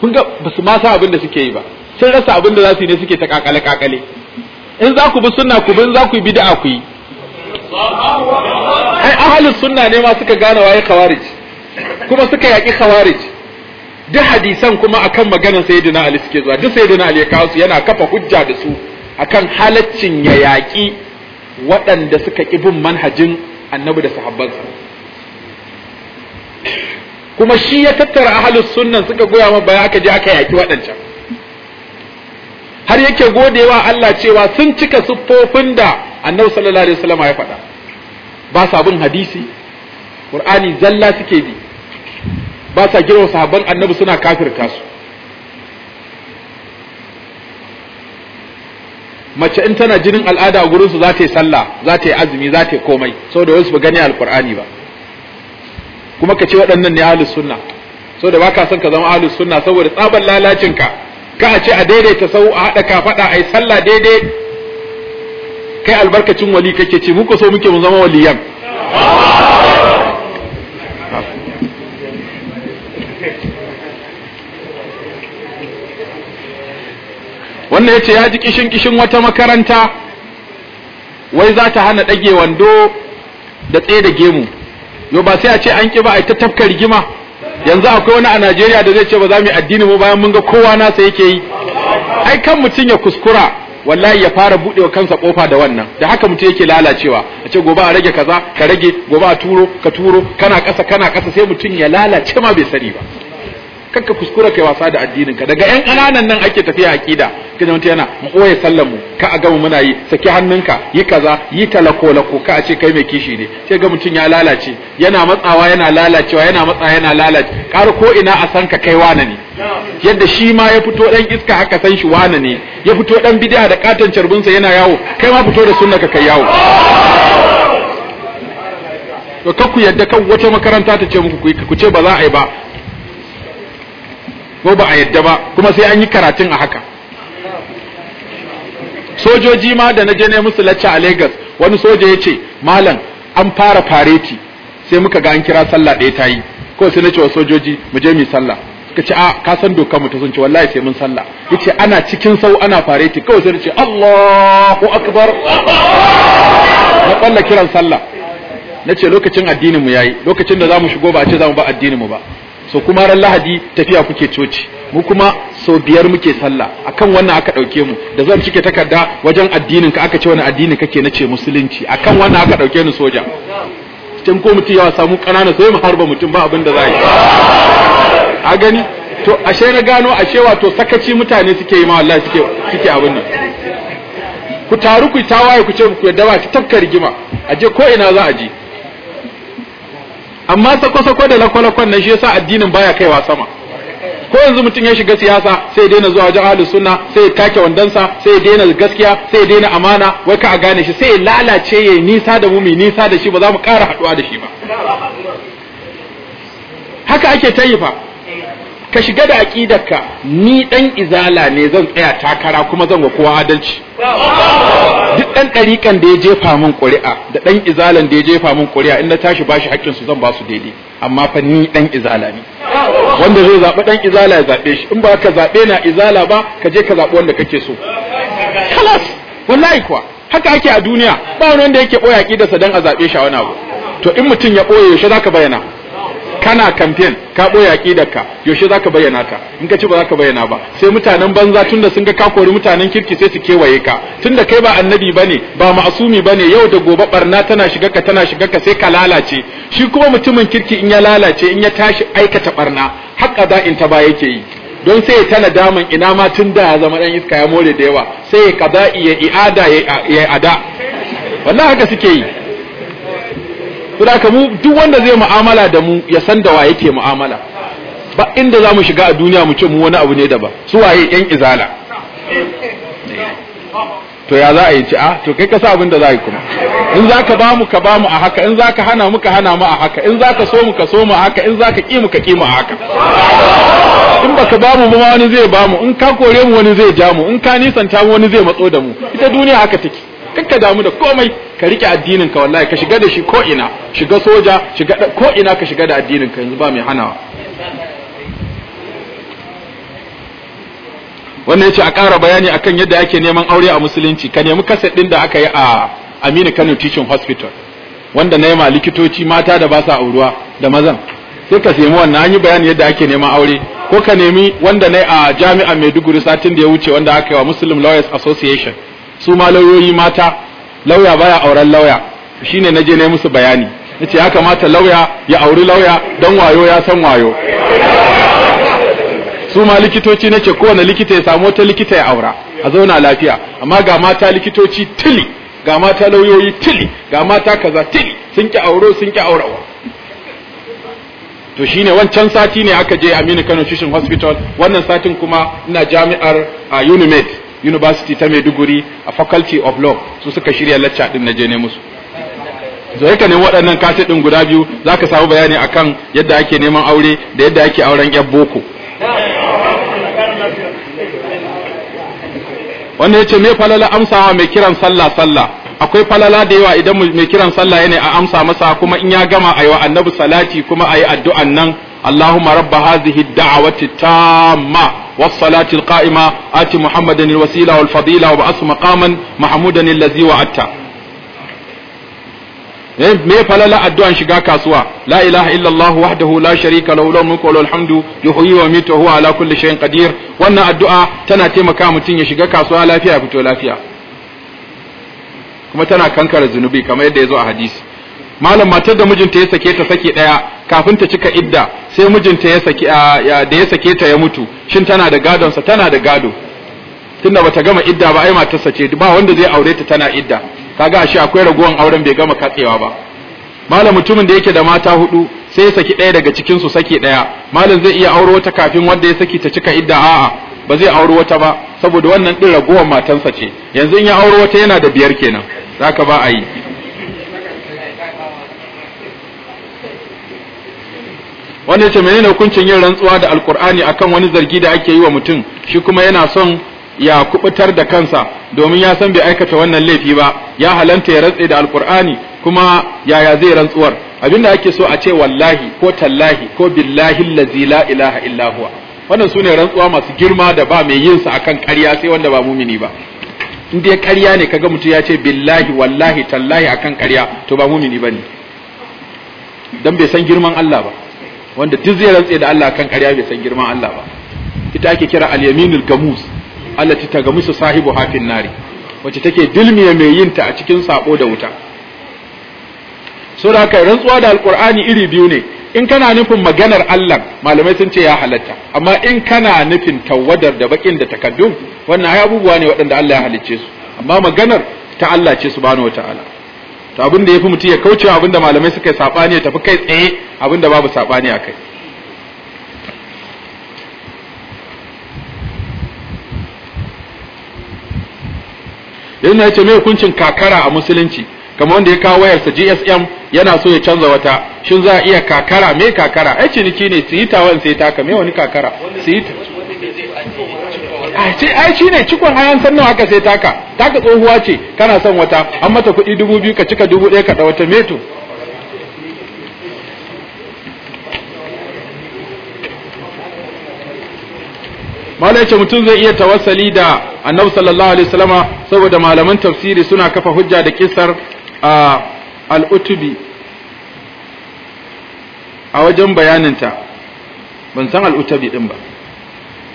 kun ga ba su ma sa abin da suke yi ba sun rasa abin da za su yi ne suke ta kakale kakale in za ku bi sunna ku bin za ku yi bid'a ku yi ai ahlus sunna ne ma suka gane waye khawarij kuma suka yaki khawarij duk hadisan kuma akan maganar sayyidina ali suke zuwa duk sayyidina ali ya kawo su yana kafa hujja da su akan halaccin ya yaki waɗanda suka ƙi bin manhajin annabi da sahabbansa kuma shi ya tattara ahalus sunnan suka goya ma baya aka je aka yaki waɗancan har yake godewa Allah cewa sun cika siffofin da annabi sallallahu alaihi wasallam ya faɗa ba sa bin hadisi qur'ani zalla suke bi ba sa girma sahabban annabi suna kafirta su mace in tana jinin al'ada a gurinsu za ta yi sallah za ta yi azumi za ta yi komai saboda wasu ba gani alqur'ani ba kuma ka ce waɗannan ne ahlus sunna so da baka son ka zama ahlus sunna saboda tsaban lalacin ka ka a ce a daidaita sau a haɗa kafaɗa a yi sallah daidai kai albarkacin wali kake ce muka so muke mu zama waliyan wannan ya ce ya ji kishin kishin wata makaranta wai za ta hana ɗage wando da tsaye da gemu yo ba sai a ce an ki ba a ta tafka rigima yanzu akwai wani a Najeriya da zai ce ba za mu yi addini mu bayan mun ga kowa nasa yake yi ai kan mutum ya kuskura wallahi ya fara budewa kansa kofa da wannan da haka mutum yake lalacewa a ce gobe a rage kaza ka rage gobe a turo ka turo kana kasa kana kasa sai mutum ya lalace ma bai sani ba kanka kuskura kai wasa da addinin ka daga yan ƙananan nan ake tafiya akida ka zama yana mu koye sallar mu ka a gama muna yi saki hannunka yi kaza yi talako lako ka a ce kai mai kishi ne sai ga mutum ya lalace yana matsawa yana lalacewa yana matsawa yana lalace ƙara ko ina a san ka kai wane ne yadda shi ma ya fito dan iska haka san shi wane ne ya fito dan bid'a da katon carbinsa yana yawo kai ma fito da sunna ka kai yawo to kakku yadda kan wata makaranta ta ce muku ku ce ba za a yi ba ko ba a yadda ba kuma sai an yi karatun a haka sojoji ma da na je ne musu lacca a Lagos wani soja ya ce malam an fara fareti sai muka ga an kira sallah ɗaya ta yi ko sai na ce wa sojoji mu je mu sallah suka ce a ka san dokar mu ta sun ce wallahi sai mun sallah yace ana cikin sau ana fareti kawai sai na ce Allahu akbar na kalla kiran sallah na ce lokacin addinin mu yayi lokacin da zamu shigo ba a ce zamu ba addinin mu ba so kuma ran lahadi tafiya kuke coci mu kuma sau biyar muke sallah akan wannan aka dauke mu da zan cike takarda wajen addinin ka aka ce wani addini kake na ce musulunci akan wannan aka dauke ni soja tun ko mutum ya samu kanana sai mu harba mutum ba abin da za yi a gani to ashe na gano ashe wato sakaci mutane suke yi ma wallahi suke suke abin nan ku taru ku tawaye ku ce ku yadda ba ki tafka rigima aje ko ina za a je amma sako-sako da lakwalakwan na shi yasa addinin baya kaiwa sama ko yanzu mutum ya shiga siyasa sai daina zuwa wajen ahlus sunna sai ya take wandansa sai ya daina gaskiya sai ya daina amana wai ka a gane shi sai ya lalace ya nisa da mu mai nisa da shi ba za mu kara haɗuwa da shi ba haka ake ta ka shiga da aqidarka ni ɗan izala ne zan tsaya takara kuma zan ga kowa adalci duk ɗan dariƙan da ya jefa min ƙuri'a da dan izalan da ya jefa min ƙuri'a in na tashi bashi haƙƙin su zan ba su daidai amma fa ni dan izala ne wanda zai zaɓi dan izala ya zaɓe shi in ba ka zaɓe na izala ba ka je ka zaɓi wanda kake so kalas wallahi kuwa haka ake a duniya ba wani wanda yake ɓoye aƙidarsa dan a zaɓe shi a wani abu to in mutum ya ɓoye yaushe zaka bayyana kana campaign ka boye ka yaushe zaka bayyana ta in ka ci ba zaka bayyana ba sai mutanen banza tunda sun ga ka kori mutanen kirki sai su kewaye ka tunda kai ba annabi bane ba ma'asumi bane yau da gobe barna tana shiga ka tana shiga ka sai ka lalace shi kuma mutumin kirki in ya lalace in ya tashi aikata barna haƙa in ta ba yake yi don sai ya tana daman ina ma tun da ya zama dan iska ya more da yawa sai ya kaza ya i'ada ya ada wannan haka suke yi saboda mu duk wanda zai mu'amala da mu ya san da wa yake mu'amala ba inda za mu shiga a duniya mu ce mu wani abu ne da ba su waye yan izala to ya za a yi ci a ah, to kai ka sa abin da za a yi kuma in za ka ba mu ka ba mu a haka in za ka hana mu ka hana mu a haka in za ka so mu ka so mu a haka in za ka ƙi mu ka ƙi mu a haka in baka ba mu ba wani zai ba mu in ka kore mu wani zai ja mu in ka nisanta mu wani zai matso da mu ita duniya haka take ka damu da komai ka rike addinin ka wallahi ka shiga da shi ko ina shiga soja shiga da ko ina ka shiga da addinin ka yanzu ba mai hanawa wannan yace a ƙara bayani akan yadda ake neman aure a musulunci ka nemi kaset din da aka yi a Aminu Kano Teaching Hospital wanda na ma likitoci mata da ba sa auruwa da mazan sai ka nemi wannan an yi bayani yadda ake neman aure ko ka nemi wanda na a jami'ar Maiduguri satin da ya wuce wanda aka yi wa Muslim Lawyers Association su ma lauyoyi mata lauya baya auren lauya shine naje ne musu bayani nace ya kamata lauya ya auri lauya dan wayo ya san wayo su ma likitoci nace kowane likita ya samu wata likita ya aura a zauna lafiya amma ga mata likitoci tili ga mata lauyoyi tili ga mata kaza tili sun ki auro sun ki aurawa to shine wancan sati ne aka je Aminu Kano Teaching Hospital wannan satin kuma ina jami'ar a Unimed University ta Maiduguri a Faculty of Law su suka shirya lacca din na je ne musu zai ka ne waɗannan kaset ɗin guda biyu za ka samu bayani akan yadda ake neman aure da yadda ake auren yan boko wanda ya ce me falala amsawa mai kiran sallah sallah akwai falala da yawa idan mai kiran sallah yana a amsa masa kuma in ya gama a yi wa annabi salati kuma a yi addu'an nan اللهم رب هذه الدعوة التامة والصلاة القائمة آت محمدا الوسيلة والفضيلة وبعث مقاما محمودا الذي وعدته me falala addu'an shiga kasuwa la ilaha wahda wahdahu la sharika lahu lahu mulku wa hamdu yuhyi wa yumiitu huwa ala kulli shay'in qadir wannan addu'a tana taimaka mutum ya shiga kasuwa lafiya ya fito lafiya kuma tana kankara zunubi kamar yadda ya zo a hadisi malam matar da mijinta ya sake ta sake daya kafin ta cika idda sai mijinta ya sake da ya sake ta ya mutu shin tana da gadon sa tana da gado tunda bata gama idda ba ai matarsa ce ba wanda zai aure ta tana idda kaga ashe akwai ragowan auren bai gama katsewa ba malam mutumin da yake da mata hudu sai ya saki daya daga cikin su sake daya malam zai iya aure wata kafin wanda ya saki ta cika idda a'a ba zai auro wata ba saboda wannan din ragowar matansa ce yanzu in ya aure wata yana da biyar kenan zaka ba a yi wanda mene ne hukuncin yin rantsuwa da alkur'ani akan wani zargi da ake yi wa mutum shi kuma yana son ya kubutar da kansa domin ya san bai aikata wannan laifi ba ya halanta ya rantse da alkur'ani kuma yaya zai rantsuwar abinda ake so a ce wallahi ko tallahi ko billahi allazi la ilaha illa huwa wannan sune rantsuwa masu girma da ba mai yin sa akan ƙarya sai wanda ba mumini ba in dai ƙarya ne kaga mutum ya ce billahi wallahi tallahi akan ƙarya to ba mumini bane dan bai san girman Allah ba wanda duk zai rantse da Allah kan ƙarya bai san girman Allah ba ita ake kira al-yaminul gamus allati musu sahibu hafin nari wacce take dilmiya mai yin ta a cikin sabo da wuta da kai, rantsuwa da alqur'ani iri biyu ne in kana nufin maganar Allah malamai sun ce ya halatta amma in kana nufin tawadar da bakin da takaddum wannan ai abubuwa ne waɗanda Allah ya halicce su amma maganar ta Allah ce subhanahu wataala to abin da yafi mutum ya kauce abin da malamai suka saɓani ya tafi kai tsaye abin da babu sabani kai yana ya ce mai hukuncin kakara a musulunci kamar wanda ya kawo wayarsa GSM yana so ya canza wata shin za a iya kakara me kakara ai ciniki ne su yi tawon sai taka me wani kakara su yi ai shi ne cikon ayan sannan haka sai taka taka tsohuwa ce kana son wata an mata kuɗi dubu biyu ka cika dubu ɗaya ka ɗa wata meto malai ce mutum zai iya tawassali da annabu sallallahu alaihi wasallama saboda malaman tafsiri suna kafa hujja da kisar al-utubi a wajen bayaninta ban san al din ba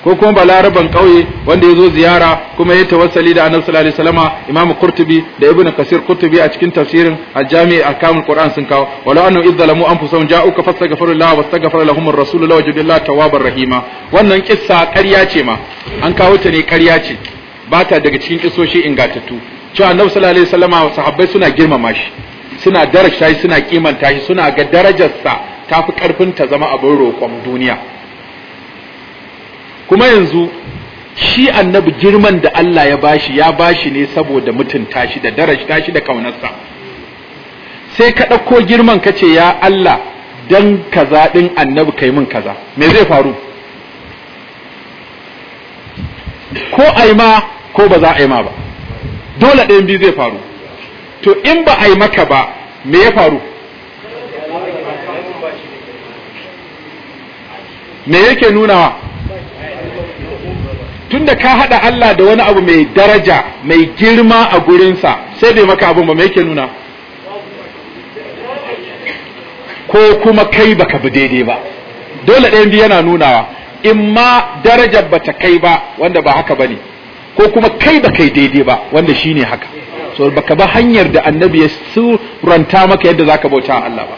ko kuma balaraban ƙauye wanda ya zo ziyara kuma ya tawassali da annabi sallallahu alaihi wasallama imamu qurtubi da ibnu kasir qurtubi a cikin tafsirin al-jami' ahkamul qur'an sun kawo walau annu idzalamu anfusahum ja'uka fastaghfirullah wastaghfar lahum ar-rasul law jadallahu tawwabar rahima wannan kissa ƙarya ce ma an kawo ta ne ƙarya ce ba ta daga cikin kissoshi ingatattu cewa annabi sallallahu alaihi wasallama sahabbai suna girmama shi suna darasha shi suna kimanta shi suna ga darajarsa ta fi karfin ta zama abin roƙon duniya kuma yanzu shi annabi girman da Allah ya bashi ya bashi ne saboda mutunta shi da darajta shi da kaunarsa sai ka ɗauko girman ka ce ya Allah dan kaza ɗin annabi kai min kaza me zai faru ko a ma ko ba za a yi ma ba dole ɗayan biyu zai faru to in ba a yi maka ba me ya faru me yake nunawa tunda ka hada Allah da wani abu mai daraja mai girma a gurinsa sai bai maka abin ba mai yake nuna ko kuma kai baka bi daidai ba dole ɗayan biyu yana nunawa in ma darajar bata kai ba wanda ba haka bane ko kuma kai ba kai daidai ba wanda shine haka so baka ba hanyar da annabi ya suranta maka yadda zaka bauta Allah ba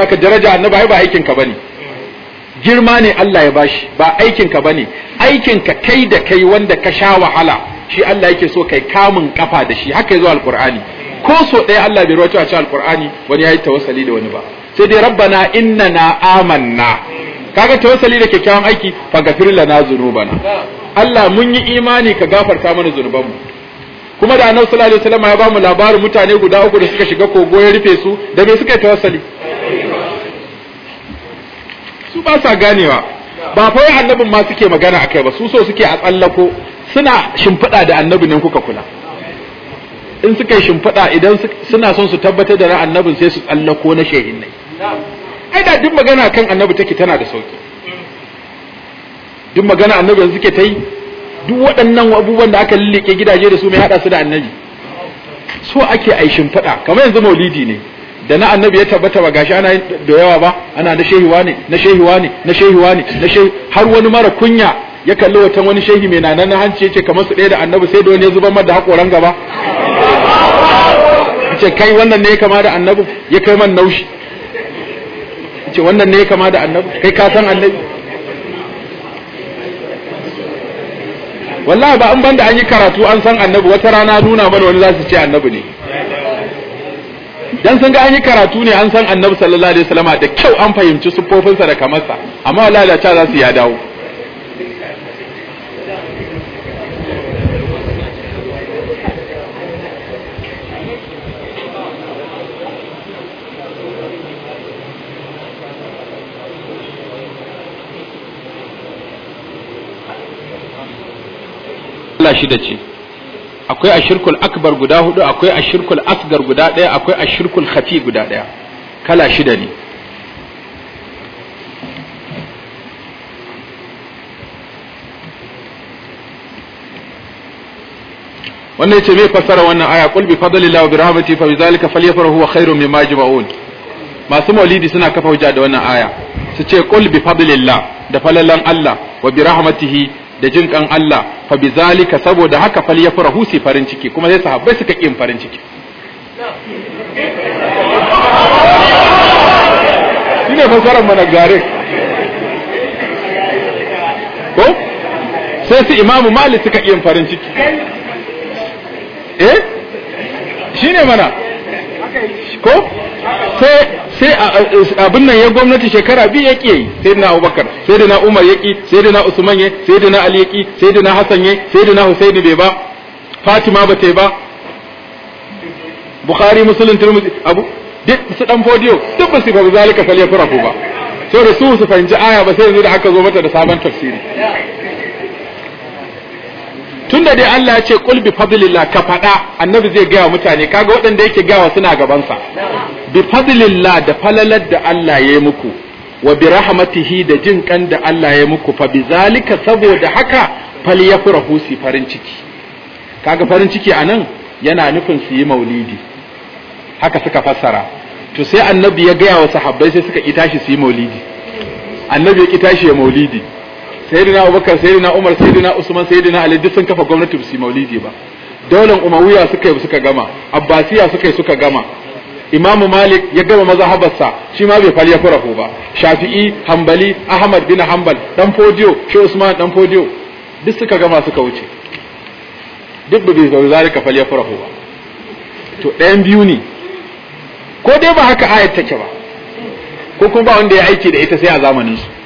zaka daraja annabi ba aikin ka bane girma ne Allah ya bashi ba aikinka ba ne aikinka kai da kai wanda ka sha wahala shi Allah yake so kai kamun kafa da shi haka yazo alqur'ani ko so ɗaya Allah bai rawaito a cikin alqur'ani wani yayi tawassali da wani ba sai dai rabbana innana amanna kaga tawassali da kyakkyawan aiki faghfir lana zunubana Allah mun yi imani ka gafarta mana zunuban mu kuma da annabi sallallahu alaihi wasallam ya ba mu labarin mutane guda uku da suka shiga kogo ya rufe su da me suka yi tawassali su ba sa ganewa ba fa wai annabin ma suke magana akai ba su so suke a tsallako suna shimfiɗa da annabi nan kuka kula in suka shimfiɗa idan suna son su tabbatar da annabin sai su tsallako na shehin nai ai da duk magana kan annabi take tana da sauki duk magana annabi yanzu suke ta yi duk waɗannan abubuwan da aka lullike gidaje da su mai haɗa su da annabi so ake ai shimfiɗa kamar yanzu maulidi ne da na annabi ya tabbata ba gashi ana da yawa ba ana na shehiwa ne na shehiwa ne na shehiwa ne na shehi har wani mara kunya ya kalli watan wani shehi mai nanan na hanci yace kamar su ɗaya da annabi sai da wani ya zubar mada hakoran gaba yace kai wannan ne ya kama da annabi ya kai man naushi yace wannan ne ya kama da annabi kai ka san annabi wallahi ba an banda an yi karatu an san annabi wata rana nuna mana wani za su ce annabi ne dan sun ga an yi karatu ne an san annabi sallallahu alaihi wasallam da kyau an fahimci sufofinsa da kamarsa amma wallahi da za su ya dawo Allah shi da ce akwai ashirkul akbar guda hudu akwai ashirkul asgar guda daya akwai ashirkul khafi guda daya kala shida ne wannan yace me fassara wannan aya qul bi fadlillahi wa bi rahmatihi fa bizalika falyafrahu huwa khairun mimma yajma'un masu maulidi suna kafa hujja da wannan aya su ce qul bi fadlillah da falalan Allah wa bi rahmatihi da jin kan Allah fa bizalika saboda haka fal yafrahu si farin ciki kuma sai sahabbai suka kin farin ciki shine fasaran managare ko sai su imamu malik suka kin farin ciki eh shine mana ko sai abin nan ya gwamnati shekara biyu ya ƙi sai na abubakar sai da na umar ya ƙi sai da na usman ya sai da na ali ya ƙi sai da na hasan ya sai da na husaini bai ba fatima ba ta ba bukhari musulun turmuzi abu duk su dan fodiyo duk ba su ba zalika fal yafrahu ba sai da su su fahimci aya ba sai yanzu da aka zo mata da sabon tafsiri tunda dai Allah ya ce kul bi fadlillah ka faɗa annabi zai gaya mutane kaga waɗanda yake gawa suna gabansa bi fadlillah da falalar da Allah ya yi muku wa bi rahmatihi da jin kan da Allah ya muku fa bizalika saboda haka fal yafrahu si farin ciki kaga farin ciki anan yana nufin su yi maulidi haka suka fassara to sai annabi ya gaya wa sahabbai sai suka ki tashi su yi maulidi annabi ya ki tashi ya maulidi sayyidina Abubakar sayyidina Umar sayyidina Usman sayyidina Ali duk sun kafa gwamnati ba su maulidi ba daular umawiya suka yi suka gama abbasiya suka yi suka gama imamu malik ya gama mazhabarsa shi ma bai fali ya farahu ba shafi'i hanbali ahmad bin hanbal dan fodiyo shi usman dan fodiyo duk suka gama suka wuce duk bai zo zalika fali ya farahu ba to ɗayan biyu ne ko dai ba haka ayat take ba ko kuma ba wanda ya aiki da ita sai a zamanin su